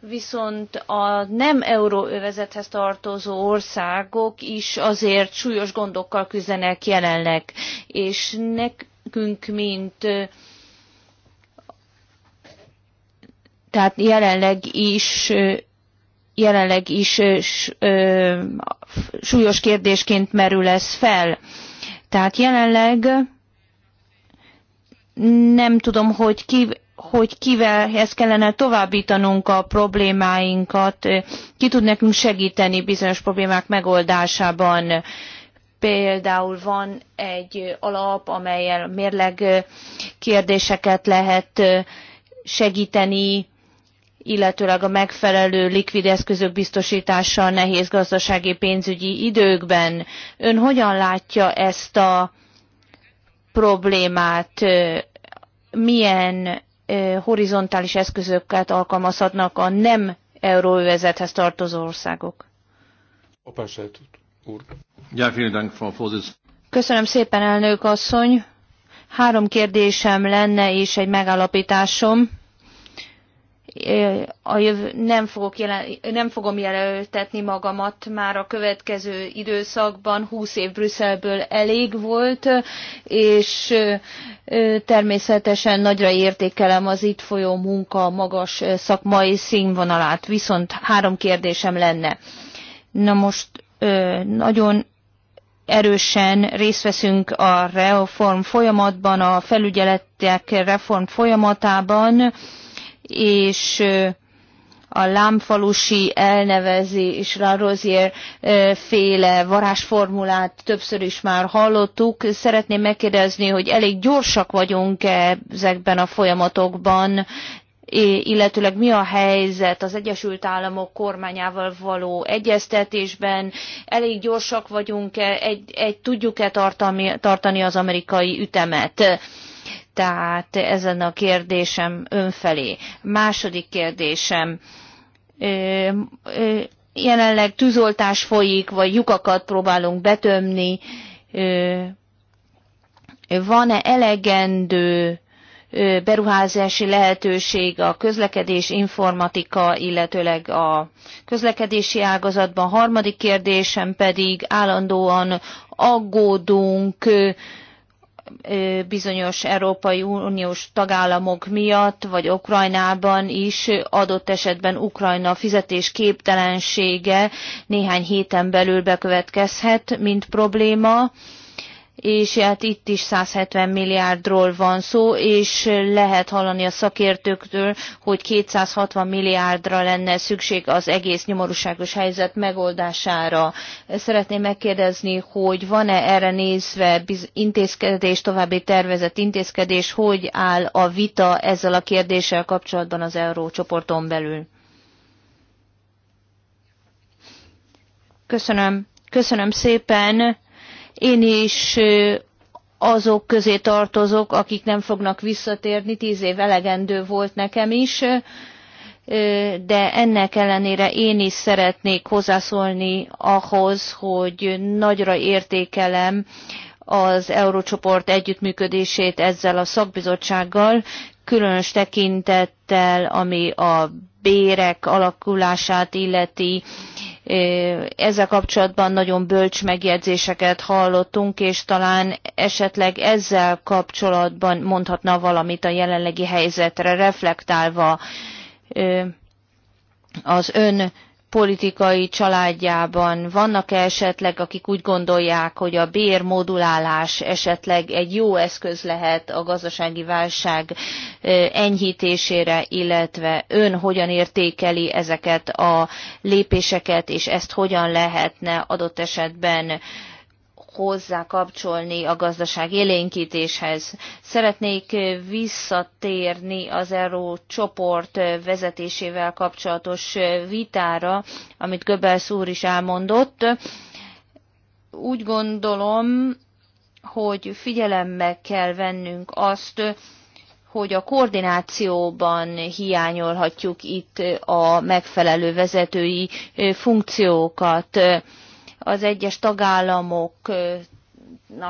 viszont a nem euróövezethez tartozó országok is azért súlyos gondokkal küzdenek jelenleg, és nekünk, mint tehát jelenleg is jelenleg is súlyos kérdésként merül ez fel tehát jelenleg nem tudom, hogy ki, hogy kivel ezt kellene továbbítanunk a problémáinkat, ki tud nekünk segíteni bizonyos problémák megoldásában. Például van egy alap, amelyel mérleg kérdéseket lehet segíteni illetőleg a megfelelő likvid eszközök biztosítása a nehéz gazdasági pénzügyi időkben. Ön hogyan látja ezt a problémát? Milyen horizontális eszközöket alkalmazhatnak a nem euróövezethez tartozó országok? úr. Ja, Dank, Frau Köszönöm szépen, elnök asszony. Három kérdésem lenne és egy megállapításom a jövő, nem, fogok jelen, nem fogom jelöltetni magamat már a következő időszakban, húsz év Brüsszelből elég volt, és természetesen nagyra értékelem az itt folyó munka magas szakmai színvonalát, viszont három kérdésem lenne. Na most nagyon erősen részt veszünk a reform folyamatban, a felügyeletek reform folyamatában, és a lámfalusi elnevezés, a Rozier féle varázsformulát többször is már hallottuk. Szeretném megkérdezni, hogy elég gyorsak vagyunk-e ezekben a folyamatokban, illetőleg mi a helyzet az Egyesült Államok kormányával való egyeztetésben, elég gyorsak vagyunk-e, egy, egy, tudjuk-e tartani, tartani az amerikai ütemet tehát ezen a kérdésem önfelé. Második kérdésem, jelenleg tűzoltás folyik, vagy lyukakat próbálunk betömni. Van-e elegendő beruházási lehetőség a közlekedés informatika, illetőleg a közlekedési ágazatban. Harmadik kérdésem pedig állandóan aggódunk bizonyos Európai Uniós tagállamok miatt, vagy Ukrajnában is adott esetben Ukrajna fizetés képtelensége néhány héten belül bekövetkezhet, mint probléma és hát itt is 170 milliárdról van szó, és lehet hallani a szakértőktől, hogy 260 milliárdra lenne szükség az egész nyomorúságos helyzet megoldására. Szeretném megkérdezni, hogy van-e erre nézve intézkedés, további tervezett intézkedés, hogy áll a vita ezzel a kérdéssel kapcsolatban az eurócsoporton belül? Köszönöm. Köszönöm szépen. Én is azok közé tartozok, akik nem fognak visszatérni, tíz év elegendő volt nekem is, de ennek ellenére én is szeretnék hozzászólni ahhoz, hogy nagyra értékelem az Eurócsoport együttműködését ezzel a szakbizottsággal, különös tekintettel, ami a bérek alakulását illeti, ezzel kapcsolatban nagyon bölcs megjegyzéseket hallottunk, és talán esetleg ezzel kapcsolatban mondhatna valamit a jelenlegi helyzetre reflektálva az ön politikai családjában vannak -e esetleg, akik úgy gondolják, hogy a bérmodulálás esetleg egy jó eszköz lehet a gazdasági válság enyhítésére, illetve ön hogyan értékeli ezeket a lépéseket, és ezt hogyan lehetne adott esetben hozzá kapcsolni a gazdaság élénkítéshez. Szeretnék visszatérni az Euró csoport vezetésével kapcsolatos vitára, amit Göbbels úr is elmondott. Úgy gondolom, hogy figyelembe kell vennünk azt, hogy a koordinációban hiányolhatjuk itt a megfelelő vezetői funkciókat az egyes tagállamoknak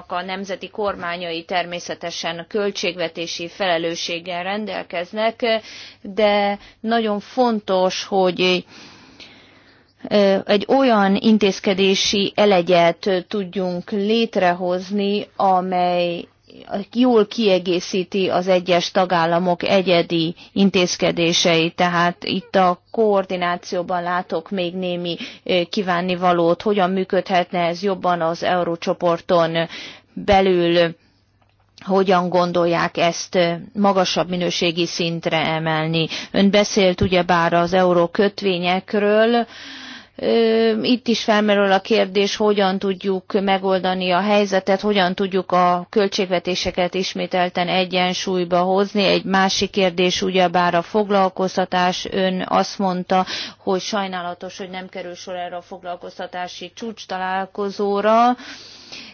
a nemzeti kormányai természetesen költségvetési felelősséggel rendelkeznek, de nagyon fontos, hogy egy olyan intézkedési elegyet tudjunk létrehozni, amely jól kiegészíti az egyes tagállamok egyedi intézkedéseit, tehát itt a koordinációban látok még némi kívánnivalót, hogyan működhetne ez jobban az eurócsoporton belül, hogyan gondolják ezt magasabb minőségi szintre emelni. Ön beszélt ugyebár az euró kötvényekről, itt is felmerül a kérdés, hogyan tudjuk megoldani a helyzetet, hogyan tudjuk a költségvetéseket ismételten egyensúlyba hozni. Egy másik kérdés ugyebár a foglalkoztatás. Ön azt mondta, hogy sajnálatos, hogy nem kerül sor erre a foglalkoztatási csúcs találkozóra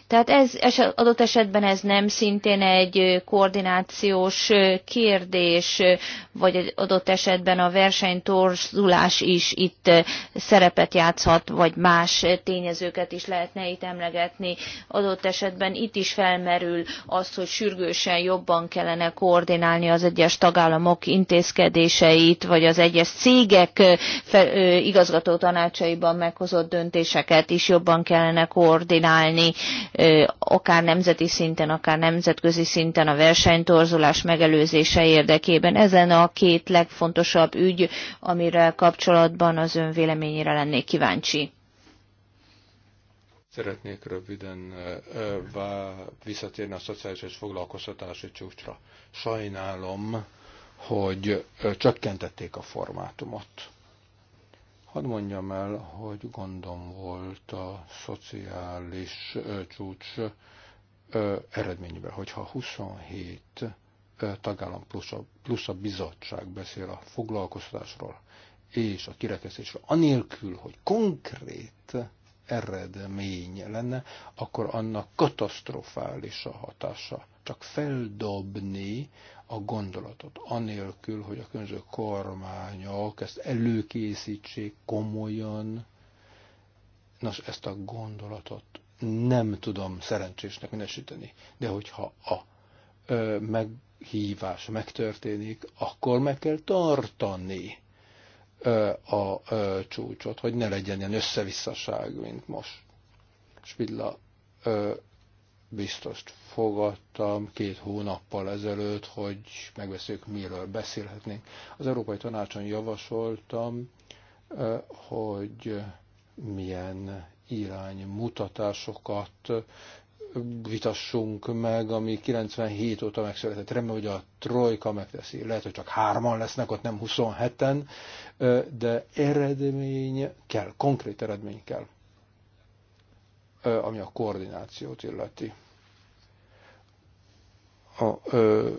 tehát ez adott esetben ez nem szintén egy koordinációs kérdés, vagy egy adott esetben a versenytorzulás is itt szerepet játszhat, vagy más tényezőket is lehetne itt emlegetni. Adott esetben itt is felmerül az, hogy sürgősen jobban kellene koordinálni az egyes tagállamok intézkedéseit, vagy az egyes cégek igazgató tanácsaiban meghozott döntéseket is jobban kellene koordinálni akár nemzeti szinten, akár nemzetközi szinten a versenytorzulás megelőzése érdekében. Ezen a két legfontosabb ügy, amire kapcsolatban az ön véleményére lennék kíváncsi. Szeretnék röviden visszatérni a szociális és foglalkoztatási csúcsra. Sajnálom, hogy csökkentették a formátumot Hadd mondjam el, hogy gondom volt a szociális csúcs eredményben, hogyha 27 tagállam plusz a, plusz a bizottság beszél a foglalkoztatásról és a kirekesztésről, anélkül, hogy konkrét eredmény lenne, akkor annak katasztrofális a hatása. Csak feldobni a gondolatot, anélkül, hogy a különböző kormányok ezt előkészítsék komolyan. Nos, ezt a gondolatot nem tudom szerencsésnek minősíteni, de hogyha a ö, meghívás megtörténik, akkor meg kell tartani ö, a ö, csúcsot, hogy ne legyen ilyen összevisszaság, mint most. Spilla, ö, biztost fogadtam két hónappal ezelőtt, hogy megbeszéljük, miről beszélhetnénk. Az Európai Tanácson javasoltam, hogy milyen iránymutatásokat vitassunk meg, ami 97 óta megszületett. Remélem, hogy a trojka megteszi. Lehet, hogy csak hárman lesznek, ott nem 27-en, de eredmény kell, konkrét eredmény kell ami a koordinációt illeti. A, ö,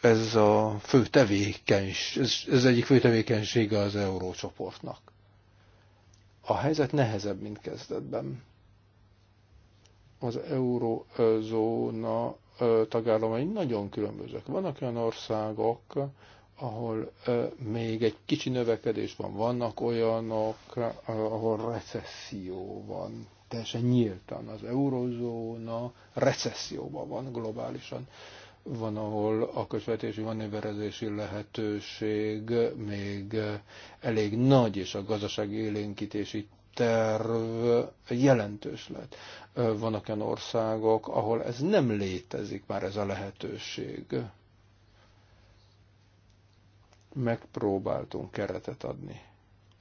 ez a fő tevékenység, ez, ez egyik fő tevékenysége az eurócsoportnak. A helyzet nehezebb, mint kezdetben. Az eurózóna tagállamai nagyon különbözők. Vannak olyan országok, ahol még egy kicsi növekedés van, vannak olyanok, ahol recesszió van, teljesen nyíltan. Az eurozóna recesszióban van globálisan. Van, ahol a közvetési manőverezési lehetőség még elég nagy, és a gazdaság élénkítési terv jelentős lett. Vannak olyan országok, ahol ez nem létezik már ez a lehetőség megpróbáltunk keretet adni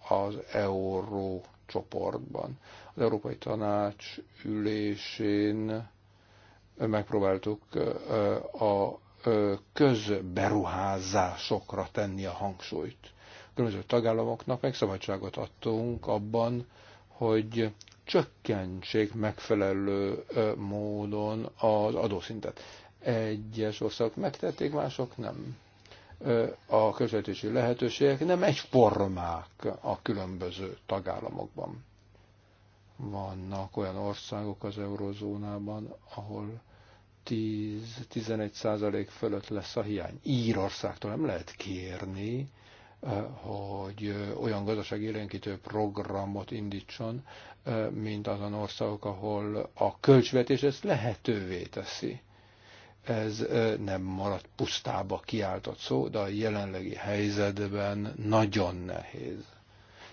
az euró csoportban. Az Európai Tanács ülésén megpróbáltuk a közberuházásokra tenni a hangsúlyt. A különböző tagállamoknak meg szabadságot adtunk abban, hogy csökkentsék megfelelő módon az adószintet. Egyes országok megtették, mások nem a közvetési lehetőségek nem egyformák a különböző tagállamokban. Vannak olyan országok az eurozónában, ahol 10-11 százalék fölött lesz a hiány. Írországtól nem lehet kérni, hogy olyan élénkítő programot indítson, mint azon országok, ahol a költségvetés ezt lehetővé teszi. Ez nem maradt pusztába kiáltott szó, de a jelenlegi helyzetben nagyon nehéz.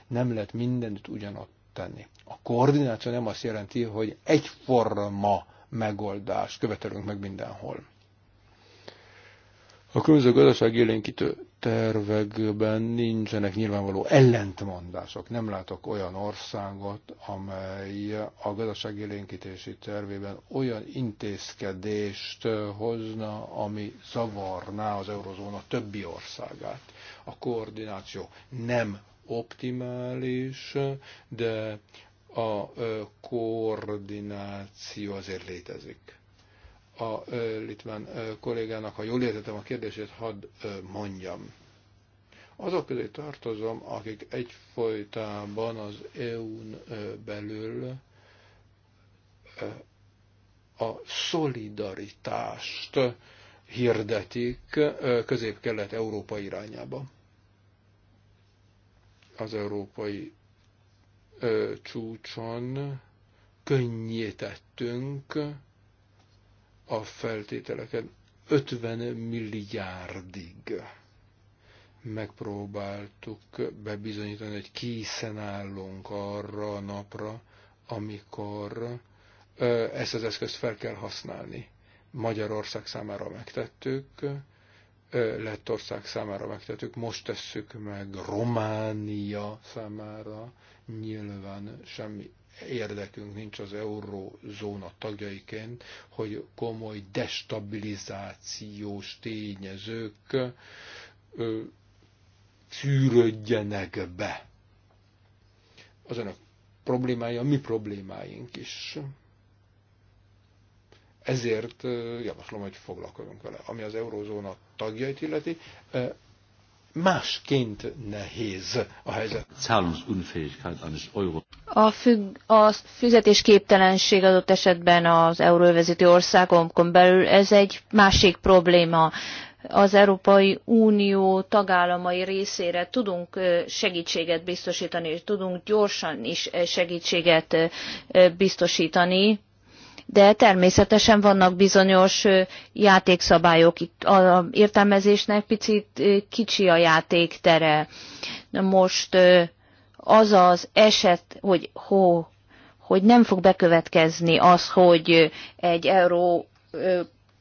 Nem lehet mindent ugyanott tenni. A koordináció nem azt jelenti, hogy egyforma megoldást követelünk meg mindenhol. A különböző gazdaság élénkítő tervekben nincsenek nyilvánvaló ellentmondások. Nem látok olyan országot, amely a gazdaság élénkítési tervében olyan intézkedést hozna, ami zavarná az eurozóna többi országát. A koordináció nem optimális, de a koordináció azért létezik a litván kollégának, ha jól értettem a kérdését, hadd mondjam. Azok közé tartozom, akik egyfolytában az EU-n belül a szolidaritást hirdetik közép-kelet-európa irányába. Az európai csúcson könnyítettünk a feltételeken 50 milliárdig megpróbáltuk bebizonyítani, hogy készen állunk arra a napra, amikor ezt az eszközt fel kell használni. Magyarország számára megtettük, Lettország számára megtettük, most tesszük meg Románia számára, nyilván semmi érdekünk nincs az eurózóna tagjaiként, hogy komoly destabilizációs tényezők ö, szűrődjenek be. Az önök problémája a mi problémáink is. Ezért javaslom, hogy foglalkozunk vele. Ami az eurózóna tagjait illeti, másként nehéz a helyzet. Zahlungsunfähigkeit eines Euro. A, függ, a fizetésképtelenség adott esetben az euróvezető országokon belül ez egy másik probléma. Az Európai Unió tagállamai részére tudunk segítséget biztosítani, és tudunk gyorsan is segítséget biztosítani, de természetesen vannak bizonyos játékszabályok. Itt a értelmezésnek picit kicsi a játéktere. Most az az eset, hogy, hó, hogy nem fog bekövetkezni az, hogy egy euró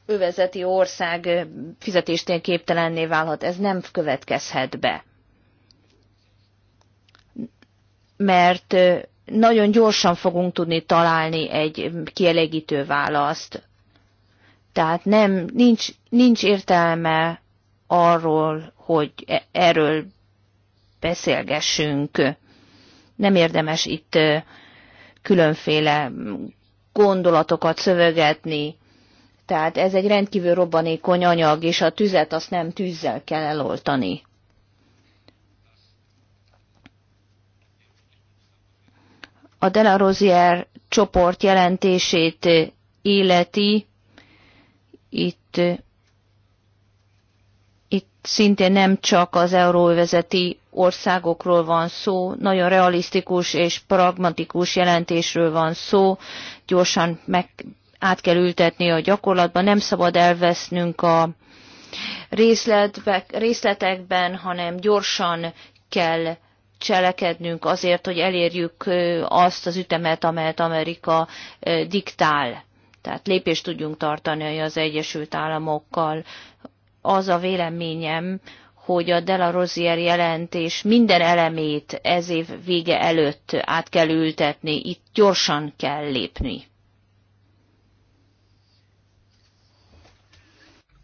övezeti ország fizetésnél képtelenné válhat, ez nem következhet be. Mert nagyon gyorsan fogunk tudni találni egy kielégítő választ. Tehát nem, nincs, nincs értelme arról, hogy e- erről beszélgessünk. Nem érdemes itt különféle gondolatokat szövegetni, tehát ez egy rendkívül robbanékony anyag, és a tüzet azt nem tűzzel kell eloltani. A Delarozier csoport jelentését életi, itt, itt szintén nem csak az euróvezeti országokról van szó, nagyon realisztikus és pragmatikus jelentésről van szó, gyorsan meg át kell ültetni a gyakorlatba, nem szabad elvesznünk a részletekben, hanem gyorsan kell cselekednünk azért, hogy elérjük azt az ütemet, amelyet Amerika diktál. Tehát lépést tudjunk tartani az Egyesült Államokkal. Az a véleményem, hogy a Dela Rozier jelentés minden elemét ez év vége előtt át kell ültetni, itt gyorsan kell lépni.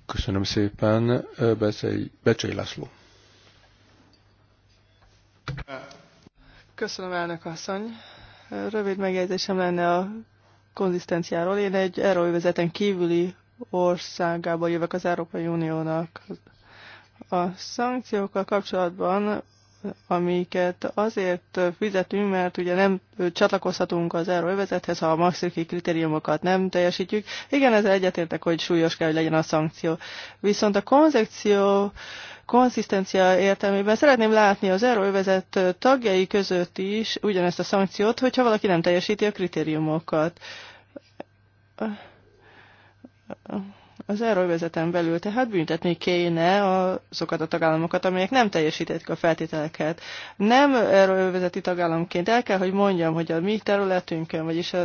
Köszönöm szépen, Becsei László. Köszönöm, elnök asszony. Rövid megjegyzésem lenne a konzisztenciáról. Én egy euróövezeten kívüli országából jövök az Európai Uniónak, a szankciókkal kapcsolatban, amiket azért fizetünk, mert ugye nem csatlakozhatunk az euróövezethez, ha a maastrichti kritériumokat nem teljesítjük. Igen, ezzel egyetértek, hogy súlyos kell, hogy legyen a szankció. Viszont a konzekció konszisztencia értelmében szeretném látni az euróövezet tagjai között is ugyanezt a szankciót, hogyha valaki nem teljesíti a kritériumokat. Az erővezeten belül tehát büntetni kéne azokat a tagállamokat, amelyek nem teljesítették a feltételeket. Nem erővezeti tagállamként el kell, hogy mondjam, hogy a mi területünkön, vagyis a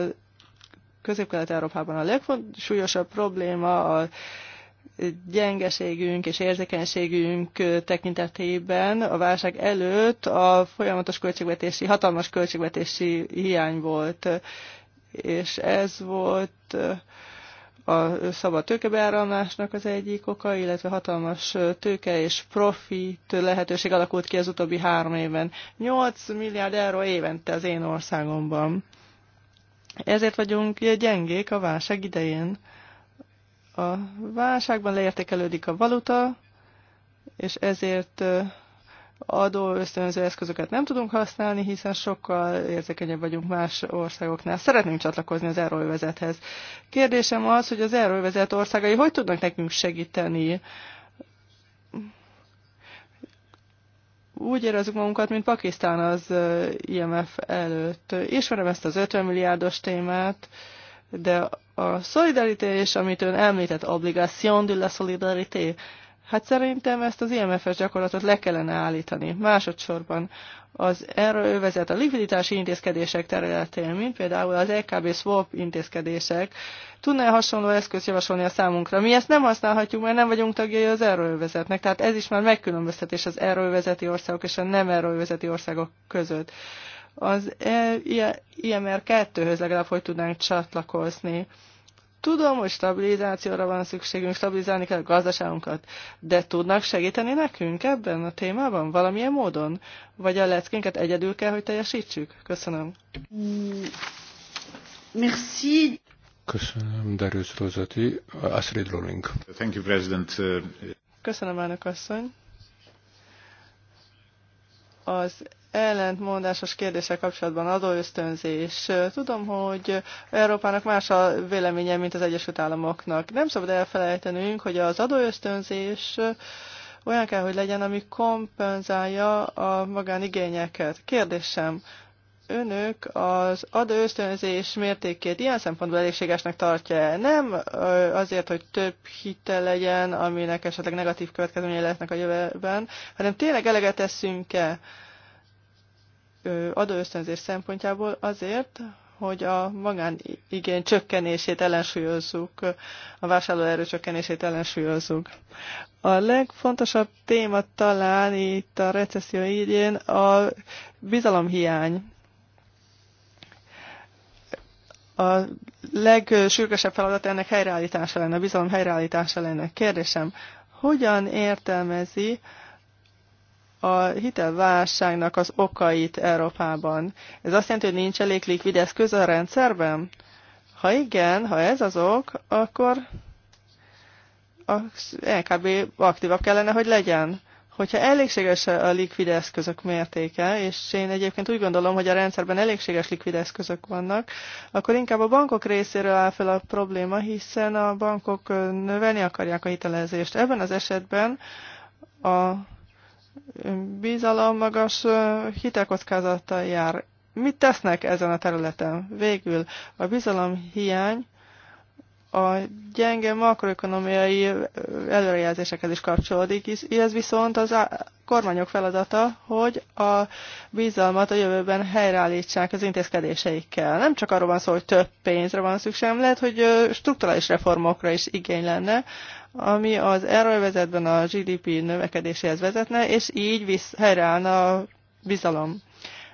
Közép-Kelet-Európában a legsúlyosabb probléma a gyengeségünk és érzékenységünk tekintetében a válság előtt a folyamatos költségvetési, hatalmas költségvetési hiány volt, és ez volt a szabad tőkebeáramlásnak az egyik oka, illetve hatalmas tőke és profit lehetőség alakult ki az utóbbi három évben. 8 milliárd euró évente az én országomban. Ezért vagyunk gyengék a válság idején. A válságban leértékelődik a valuta, és ezért adó ösztönző eszközöket nem tudunk használni, hiszen sokkal érzékenyebb vagyunk más országoknál. Szeretnénk csatlakozni az euróövezethez. Kérdésem az, hogy az euróövezet országai hogy tudnak nekünk segíteni? Úgy érezzük magunkat, mint Pakisztán az IMF előtt. Ismerem ezt az 50 milliárdos témát, de a szolidaritás, amit ön említett, obligation de la solidarité, Hát szerintem ezt az IMF-es gyakorlatot le kellene állítani. Másodszorban az euróövezet a likviditási intézkedések területén, mint például az EKB swap intézkedések, tudná hasonló eszköz javasolni a számunkra? Mi ezt nem használhatjuk, mert nem vagyunk tagjai az euróövezetnek, tehát ez is már megkülönböztetés az euróövezeti országok és a nem euróövezeti országok között. Az e IMR e 2-höz legalább hogy tudnánk csatlakozni Tudom, hogy stabilizációra van szükségünk, stabilizálni kell a gazdaságunkat, de tudnak segíteni nekünk ebben a témában valamilyen módon? Vagy a leckénket egyedül kell, hogy teljesítsük? Köszönöm. Mm, merci. Köszönöm, Darius Rozati, Astrid Rolling. Thank you, President. Köszönöm, elnök asszony. Az ellentmondásos kérdéssel kapcsolatban adóösztönzés. Tudom, hogy Európának más a véleménye, mint az Egyesült Államoknak. Nem szabad elfelejtenünk, hogy az adóösztönzés olyan kell, hogy legyen, ami kompenzálja a magánigényeket. Kérdésem, önök az adóösztönzés mértékét ilyen szempontból elégségesnek tartja -e? Nem azért, hogy több hitel legyen, aminek esetleg negatív következményei lehetnek a jövőben, hanem tényleg eleget teszünk-e? adóösztönzés szempontjából azért, hogy a magánigény csökkenését ellensúlyozzuk, a vásárlóerő csökkenését ellensúlyozzuk. A legfontosabb téma talán itt a recesszió idén a bizalomhiány. A legsürgesebb feladat ennek helyreállítása lenne, a bizalom helyreállítása lenne. Kérdésem, hogyan értelmezi a hitelválságnak az okait Európában. Ez azt jelenti, hogy nincs elég likvid eszköz a rendszerben? Ha igen, ha ez az ok, akkor a LKB aktívabb kellene, hogy legyen. Hogyha elégséges a likvid eszközök mértéke, és én egyébként úgy gondolom, hogy a rendszerben elégséges likvid eszközök vannak, akkor inkább a bankok részéről áll fel a probléma, hiszen a bankok növelni akarják a hitelezést. Ebben az esetben a bizalom magas hitelkockázattal jár. Mit tesznek ezen a területen? Végül a bizalom hiány a gyenge makroekonomiai előrejelzésekhez is kapcsolódik, ez viszont az kormányok feladata, hogy a bizalmat a jövőben helyreállítsák az intézkedéseikkel. Nem csak arról van szó, hogy több pénzre van szükség, lehet, hogy strukturális reformokra is igény lenne, ami az erővezetben a GDP növekedéséhez vezetne, és így visz, helyreállna a bizalom.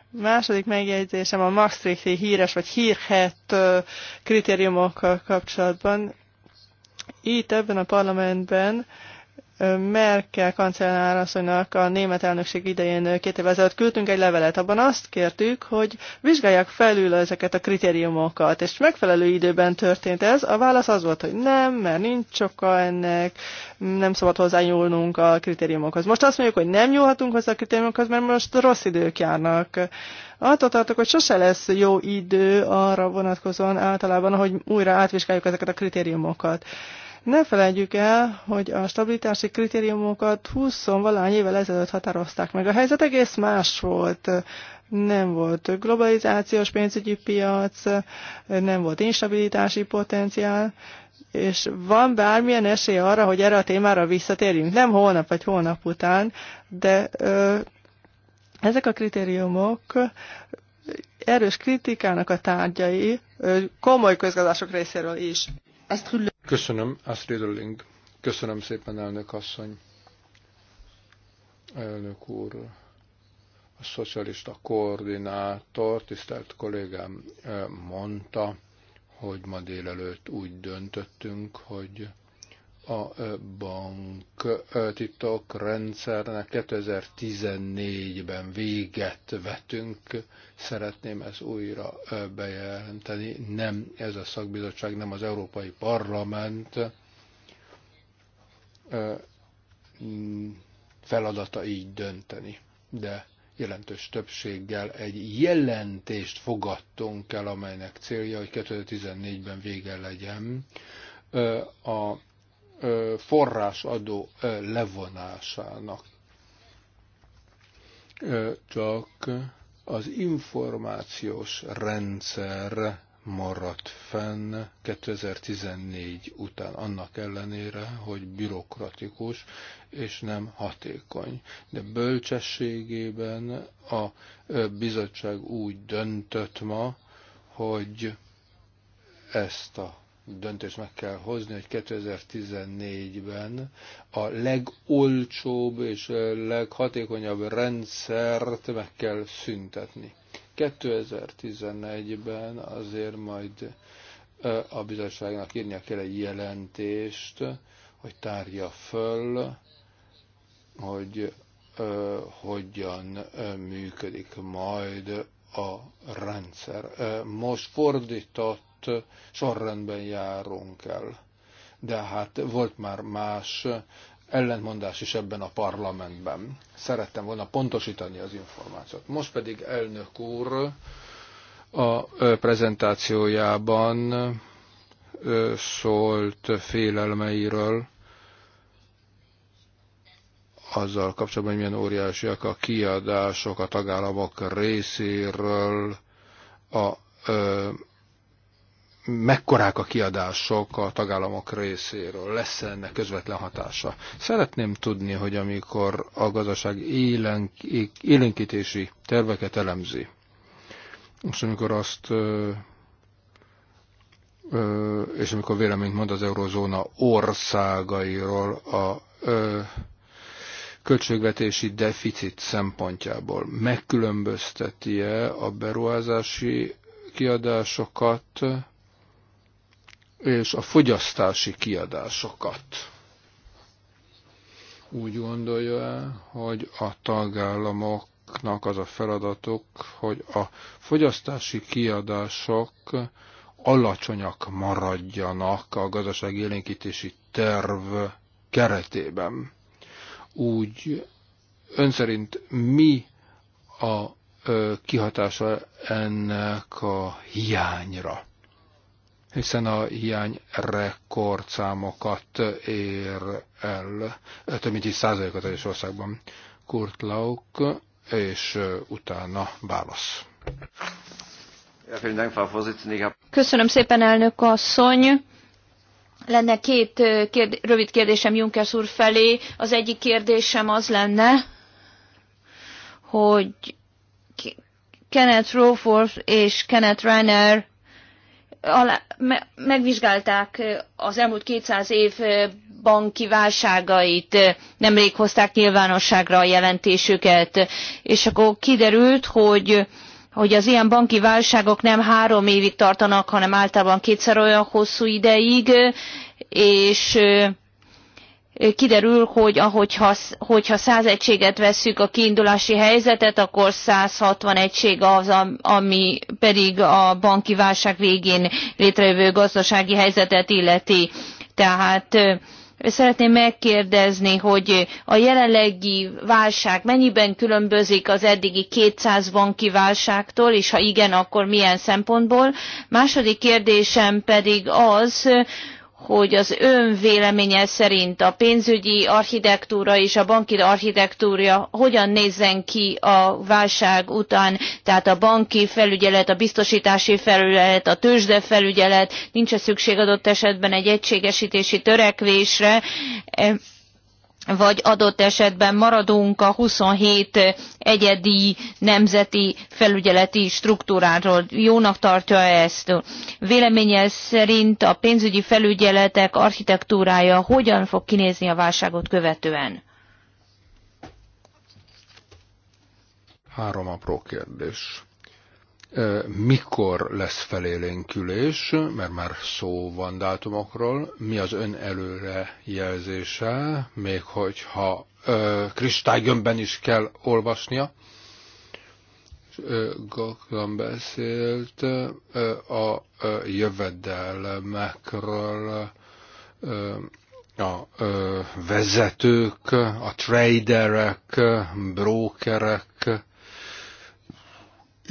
Második megjegyzésem a Maastrichti híres vagy hírhet kritériumokkal kapcsolatban. Itt ebben a parlamentben Merkel kancellárasszonynak a német elnökség idején két évvel ezelőtt küldtünk egy levelet. Abban azt kértük, hogy vizsgálják felül ezeket a kritériumokat, és megfelelő időben történt ez. A válasz az volt, hogy nem, mert nincs oka ennek, nem szabad hozzányúlnunk a kritériumokhoz. Most azt mondjuk, hogy nem nyúlhatunk hozzá a kritériumokhoz, mert most rossz idők járnak. Attól tartok, hogy sose lesz jó idő arra vonatkozóan általában, hogy újra átvizsgáljuk ezeket a kritériumokat. Ne felejtjük el, hogy a stabilitási kritériumokat 20 valány évvel ezelőtt határozták meg. A helyzet egész más volt. Nem volt globalizációs pénzügyi piac, nem volt instabilitási potenciál, és van bármilyen esély arra, hogy erre a témára visszatérjünk. Nem holnap vagy holnap után, de ö, ezek a kritériumok erős kritikának a tárgyai komoly közgazdások részéről is. Köszönöm, Astrid Lulling. Köszönöm szépen, elnök asszony. Elnök úr, a szocialista koordinátor, tisztelt kollégám eh, mondta, hogy ma délelőtt úgy döntöttünk, hogy a bank rendszernek 2014-ben véget vetünk. Szeretném ezt újra bejelenteni. Nem ez a szakbizottság, nem az Európai Parlament feladata így dönteni. De jelentős többséggel egy jelentést fogadtunk el, amelynek célja, hogy 2014-ben vége legyen a forrásadó levonásának. Csak az információs rendszer maradt fenn 2014 után, annak ellenére, hogy bürokratikus és nem hatékony. De bölcsességében a bizottság úgy döntött ma, hogy ezt a döntést meg kell hozni, hogy 2014-ben a legolcsóbb és leghatékonyabb rendszert meg kell szüntetni. 2011-ben azért majd a bizottságnak írnia kell egy jelentést, hogy tárja föl, hogy ö, hogyan működik majd a rendszer. Most fordított most sorrendben járunk el. De hát volt már más ellentmondás is ebben a parlamentben. Szerettem volna pontosítani az információt. Most pedig elnök úr a prezentációjában szólt félelmeiről, azzal kapcsolatban, hogy milyen óriásiak a kiadások a tagállamok részéről a mekkorák a kiadások a tagállamok részéről, lesz -e ennek közvetlen hatása. Szeretném tudni, hogy amikor a gazdaság élenk, élénkítési terveket elemzi, és amikor azt és amikor véleményt mond az eurozóna országairól a költségvetési deficit szempontjából, megkülönbözteti-e a beruházási kiadásokat és a fogyasztási kiadásokat. Úgy gondolja, -e, hogy a tagállamoknak az a feladatok, hogy a fogyasztási kiadások alacsonyak maradjanak a gazdaság élénkítési terv keretében. Úgy ön szerint mi a kihatása ennek a hiányra? hiszen a hiány rekordszámokat ér el, több mint 10 százalékot egyes országban. Kurt Lauk, és utána válasz. Köszönöm szépen, elnök asszony! Lenne két kérd- rövid kérdésem Junkers úr felé. Az egyik kérdésem az lenne, hogy Kenneth Rowforth és Kenneth Reiner alá, me, megvizsgálták az elmúlt 200 év banki válságait, nemrég hozták nyilvánosságra a jelentésüket, és akkor kiderült, hogy hogy az ilyen banki válságok nem három évig tartanak, hanem általában kétszer olyan hosszú ideig, és kiderül, hogy ahogyha, hogyha 100 egységet veszük a kiindulási helyzetet, akkor 160 egység az, ami pedig a banki válság végén létrejövő gazdasági helyzetet illeti. Tehát Szeretném megkérdezni, hogy a jelenlegi válság mennyiben különbözik az eddigi 200 banki válságtól, és ha igen, akkor milyen szempontból? Második kérdésem pedig az, hogy az ön véleménye szerint a pénzügyi architektúra és a banki architektúra hogyan nézzen ki a válság után, tehát a banki felügyelet, a biztosítási felügyelet, a tőzsde felügyelet. nincs-e szükség adott esetben egy egységesítési törekvésre, e, vagy adott esetben maradunk a 27 egyedi nemzeti felügyeleti struktúráról. Jónak tartja ezt? Véleménye szerint a pénzügyi felügyeletek architektúrája hogyan fog kinézni a válságot követően? Három apró kérdés mikor lesz felélénkülés, mert már szó van dátumokról, mi az ön előre jelzése, még hogyha kristálygömbben is kell olvasnia. Goklan beszélt a jövedelmekről, a vezetők, a traderek, brokerek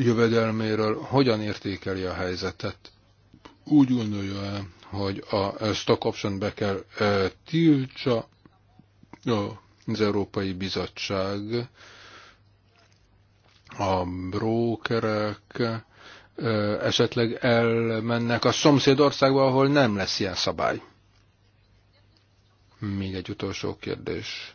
jövedelméről hogyan értékeli a helyzetet? Úgy gondolja -e, hogy a stock option be kell tiltsa az Európai Bizottság, a brókerek esetleg elmennek a szomszédországba, ahol nem lesz ilyen szabály. Még egy utolsó kérdés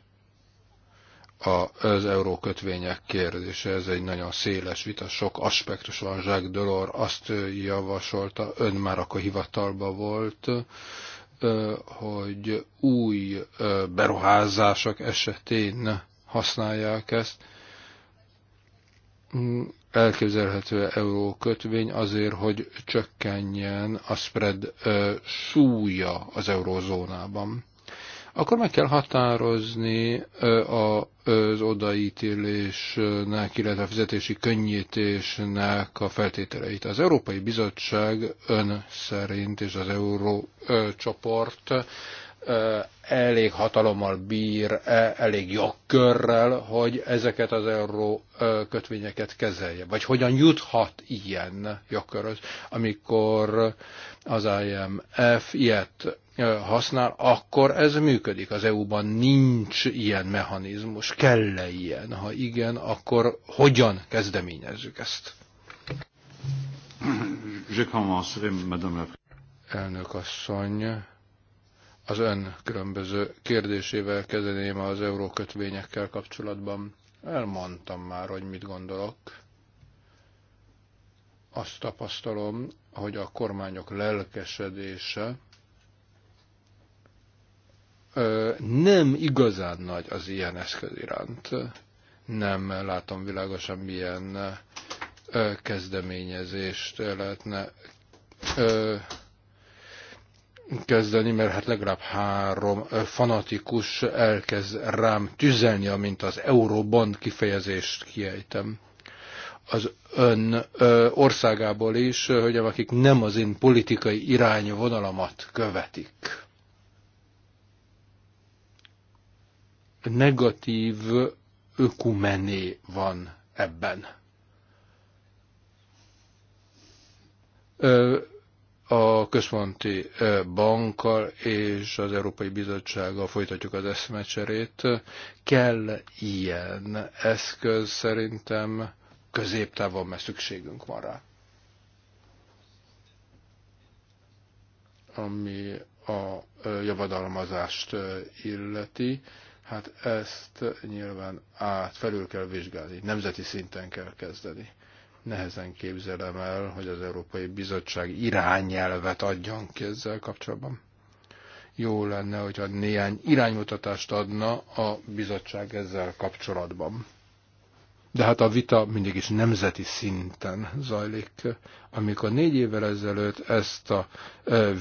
az eurókötvények kérdése. Ez egy nagyon széles vita, sok aspektus van. Jacques Delors azt javasolta, ön már akkor hivatalba volt, hogy új beruházások esetén használják ezt. Mm, elképzelhető eurókötvény azért, hogy csökkenjen a spread súlya az eurózónában akkor meg kell határozni az odaítélésnek, illetve a fizetési könnyítésnek a feltételeit. Az Európai Bizottság ön szerint és az euró csoport elég hatalommal bír, e, elég jogkörrel, hogy ezeket az euró kötvényeket kezelje? Vagy hogyan juthat ilyen jogköröz, amikor az IMF ilyet használ, akkor ez működik. Az EU-ban nincs ilyen mechanizmus. Kell-e ilyen? Ha igen, akkor hogyan kezdeményezzük ezt? Je commencerai, Madame la Elnök asszony, az ön különböző kérdésével kezdeném az eurókötvényekkel kapcsolatban. Elmondtam már, hogy mit gondolok. Azt tapasztalom, hogy a kormányok lelkesedése nem igazán nagy az ilyen eszköz iránt. Nem látom világosan, milyen kezdeményezést lehetne kezdeni, mert hát legalább három fanatikus elkezd rám tüzelni, amint az Euróban kifejezést kiejtem. Az ön ö, országából is, hogy akik nem az én politikai irányvonalamat követik. Negatív ökumené van ebben. Ö, a központi bankkal és az Európai Bizottsággal folytatjuk az eszmecserét. Kell ilyen eszköz szerintem középtávon, mert szükségünk van rá. Ami a javadalmazást illeti, hát ezt nyilván át felül kell vizsgálni, nemzeti szinten kell kezdeni nehezen képzelem el, hogy az Európai Bizottság irányelvet adjon ki ezzel kapcsolatban. Jó lenne, hogyha néhány iránymutatást adna a bizottság ezzel kapcsolatban. De hát a vita mindig is nemzeti szinten zajlik. Amikor négy évvel ezelőtt ezt a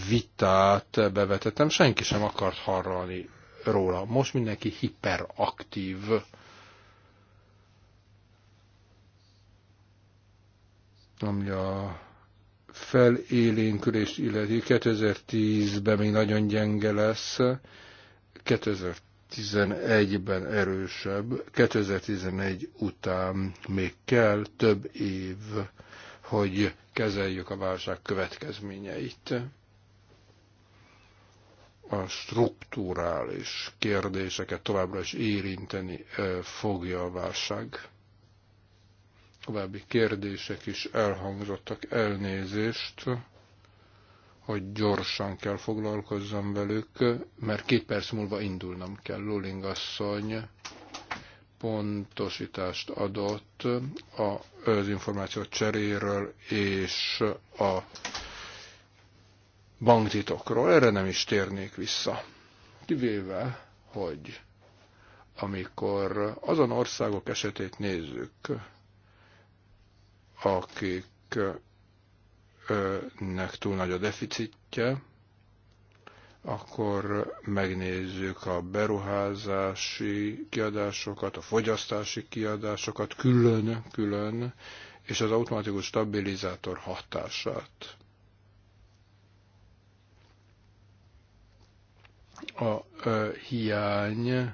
vitát bevetettem, senki sem akart hallani róla. Most mindenki hiperaktív ami a felélénkülést illeti, 2010-ben még nagyon gyenge lesz, 2011-ben erősebb, 2011 után még kell több év, hogy kezeljük a válság következményeit. A strukturális kérdéseket továbbra is érinteni eh, fogja a válság További kérdések is elhangzottak. Elnézést, hogy gyorsan kell foglalkozzam velük, mert két perc múlva indulnom kell. Luling asszony pontosítást adott az információ cseréről és a banktitokról. Erre nem is térnék vissza. Kivéve, hogy amikor azon országok esetét nézzük, akiknek túl nagy a deficitje, akkor megnézzük a beruházási kiadásokat, a fogyasztási kiadásokat külön-külön, és az automatikus stabilizátor hatását. A ö, hiány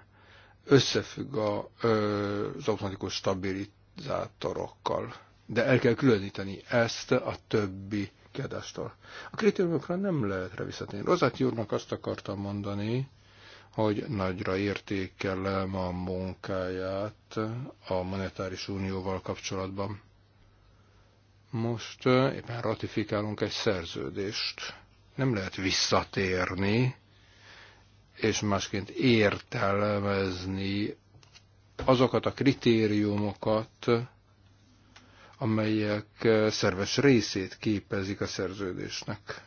összefügg a, ö, az automatikus stabilizátorokkal de el kell különíteni ezt a többi kiadástól. A kritériumokra nem lehet visszatérni. Rozati úrnak azt akartam mondani, hogy nagyra értékelem a munkáját a monetáris unióval kapcsolatban. Most eh, éppen ratifikálunk egy szerződést. Nem lehet visszatérni, és másként értelmezni azokat a kritériumokat, amelyek eh, szerves részét képezik a szerződésnek.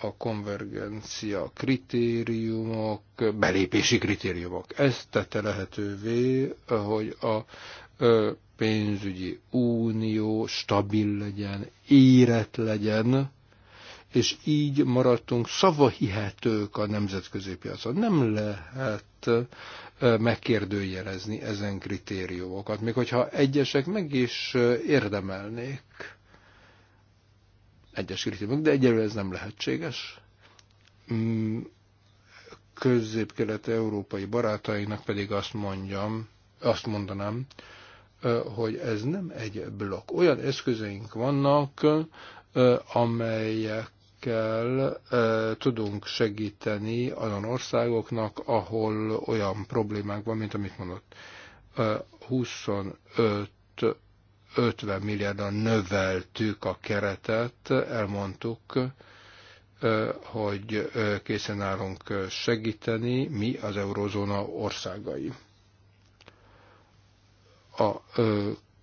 A konvergencia kritériumok, belépési kritériumok. Ez tette lehetővé, hogy a pénzügyi unió stabil legyen, érett legyen, és így maradtunk szavahihetők a nemzetközi piacon. Nem lehet megkérdőjelezni ezen kritériumokat, még hogyha egyesek meg is érdemelnék egyes kritériumok, de egyelőre ez nem lehetséges. Mm, Közép-kelet-európai barátainak pedig azt mondjam, azt mondanám, hogy ez nem egy blokk. Olyan eszközeink vannak, amelyek kell e, tudunk segíteni olyan országoknak, ahol olyan problémák van, mint amit mondott. E, 25-50 milliárdan növeltük a keretet, elmondtuk, e, hogy készen állunk segíteni mi az eurozóna országai. A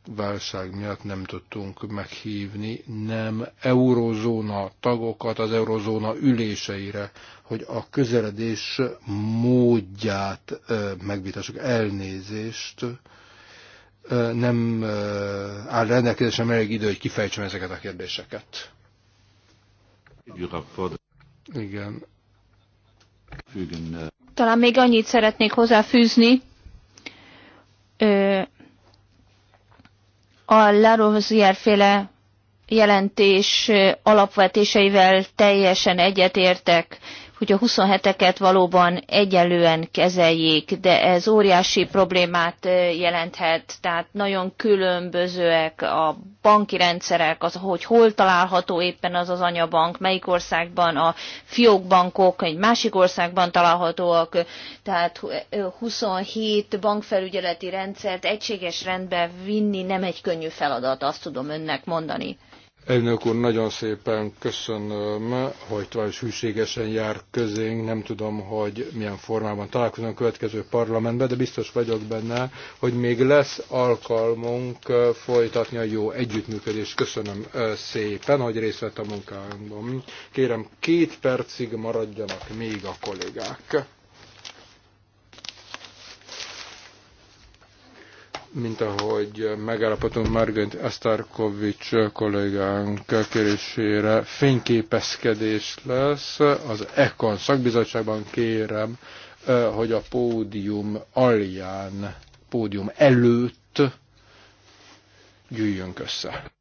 válság miatt nem tudtunk meghívni nem eurozóna tagokat az eurozóna üléseire, hogy a közeledés módját megvitassuk, elnézést. Nem áll rendelkezésem elég idő, hogy kifejtsem ezeket a kérdéseket. Igen. Talán még annyit szeretnék hozzáfűzni, a Larozier féle jelentés alapvetéseivel teljesen egyetértek hogy a 27-eket valóban egyenlően kezeljék, de ez óriási problémát jelenthet, tehát nagyon különbözőek a banki rendszerek, az, hogy hol található éppen az az anyabank, melyik országban a fiókbankok, egy másik országban találhatóak, tehát 27 bankfelügyeleti rendszert egységes rendbe vinni nem egy könnyű feladat, azt tudom önnek mondani. Elnök úr, nagyon szépen köszönöm, hogy tovább is hűségesen jár közénk. Nem tudom, hogy milyen formában találkozunk a következő parlamentben, de biztos vagyok benne, hogy még lesz alkalmunk folytatni a jó együttműködést. Köszönöm szépen, hogy részt vett a munkánkban. Kérem, két percig maradjanak még a kollégák. mint ahogy megállapodtunk Margaret Asztarkovics kollégánk kérésére, fényképezkedés lesz az ECON szakbizottságban kérem, hogy a pódium alján, pódium előtt gyűjjünk össze.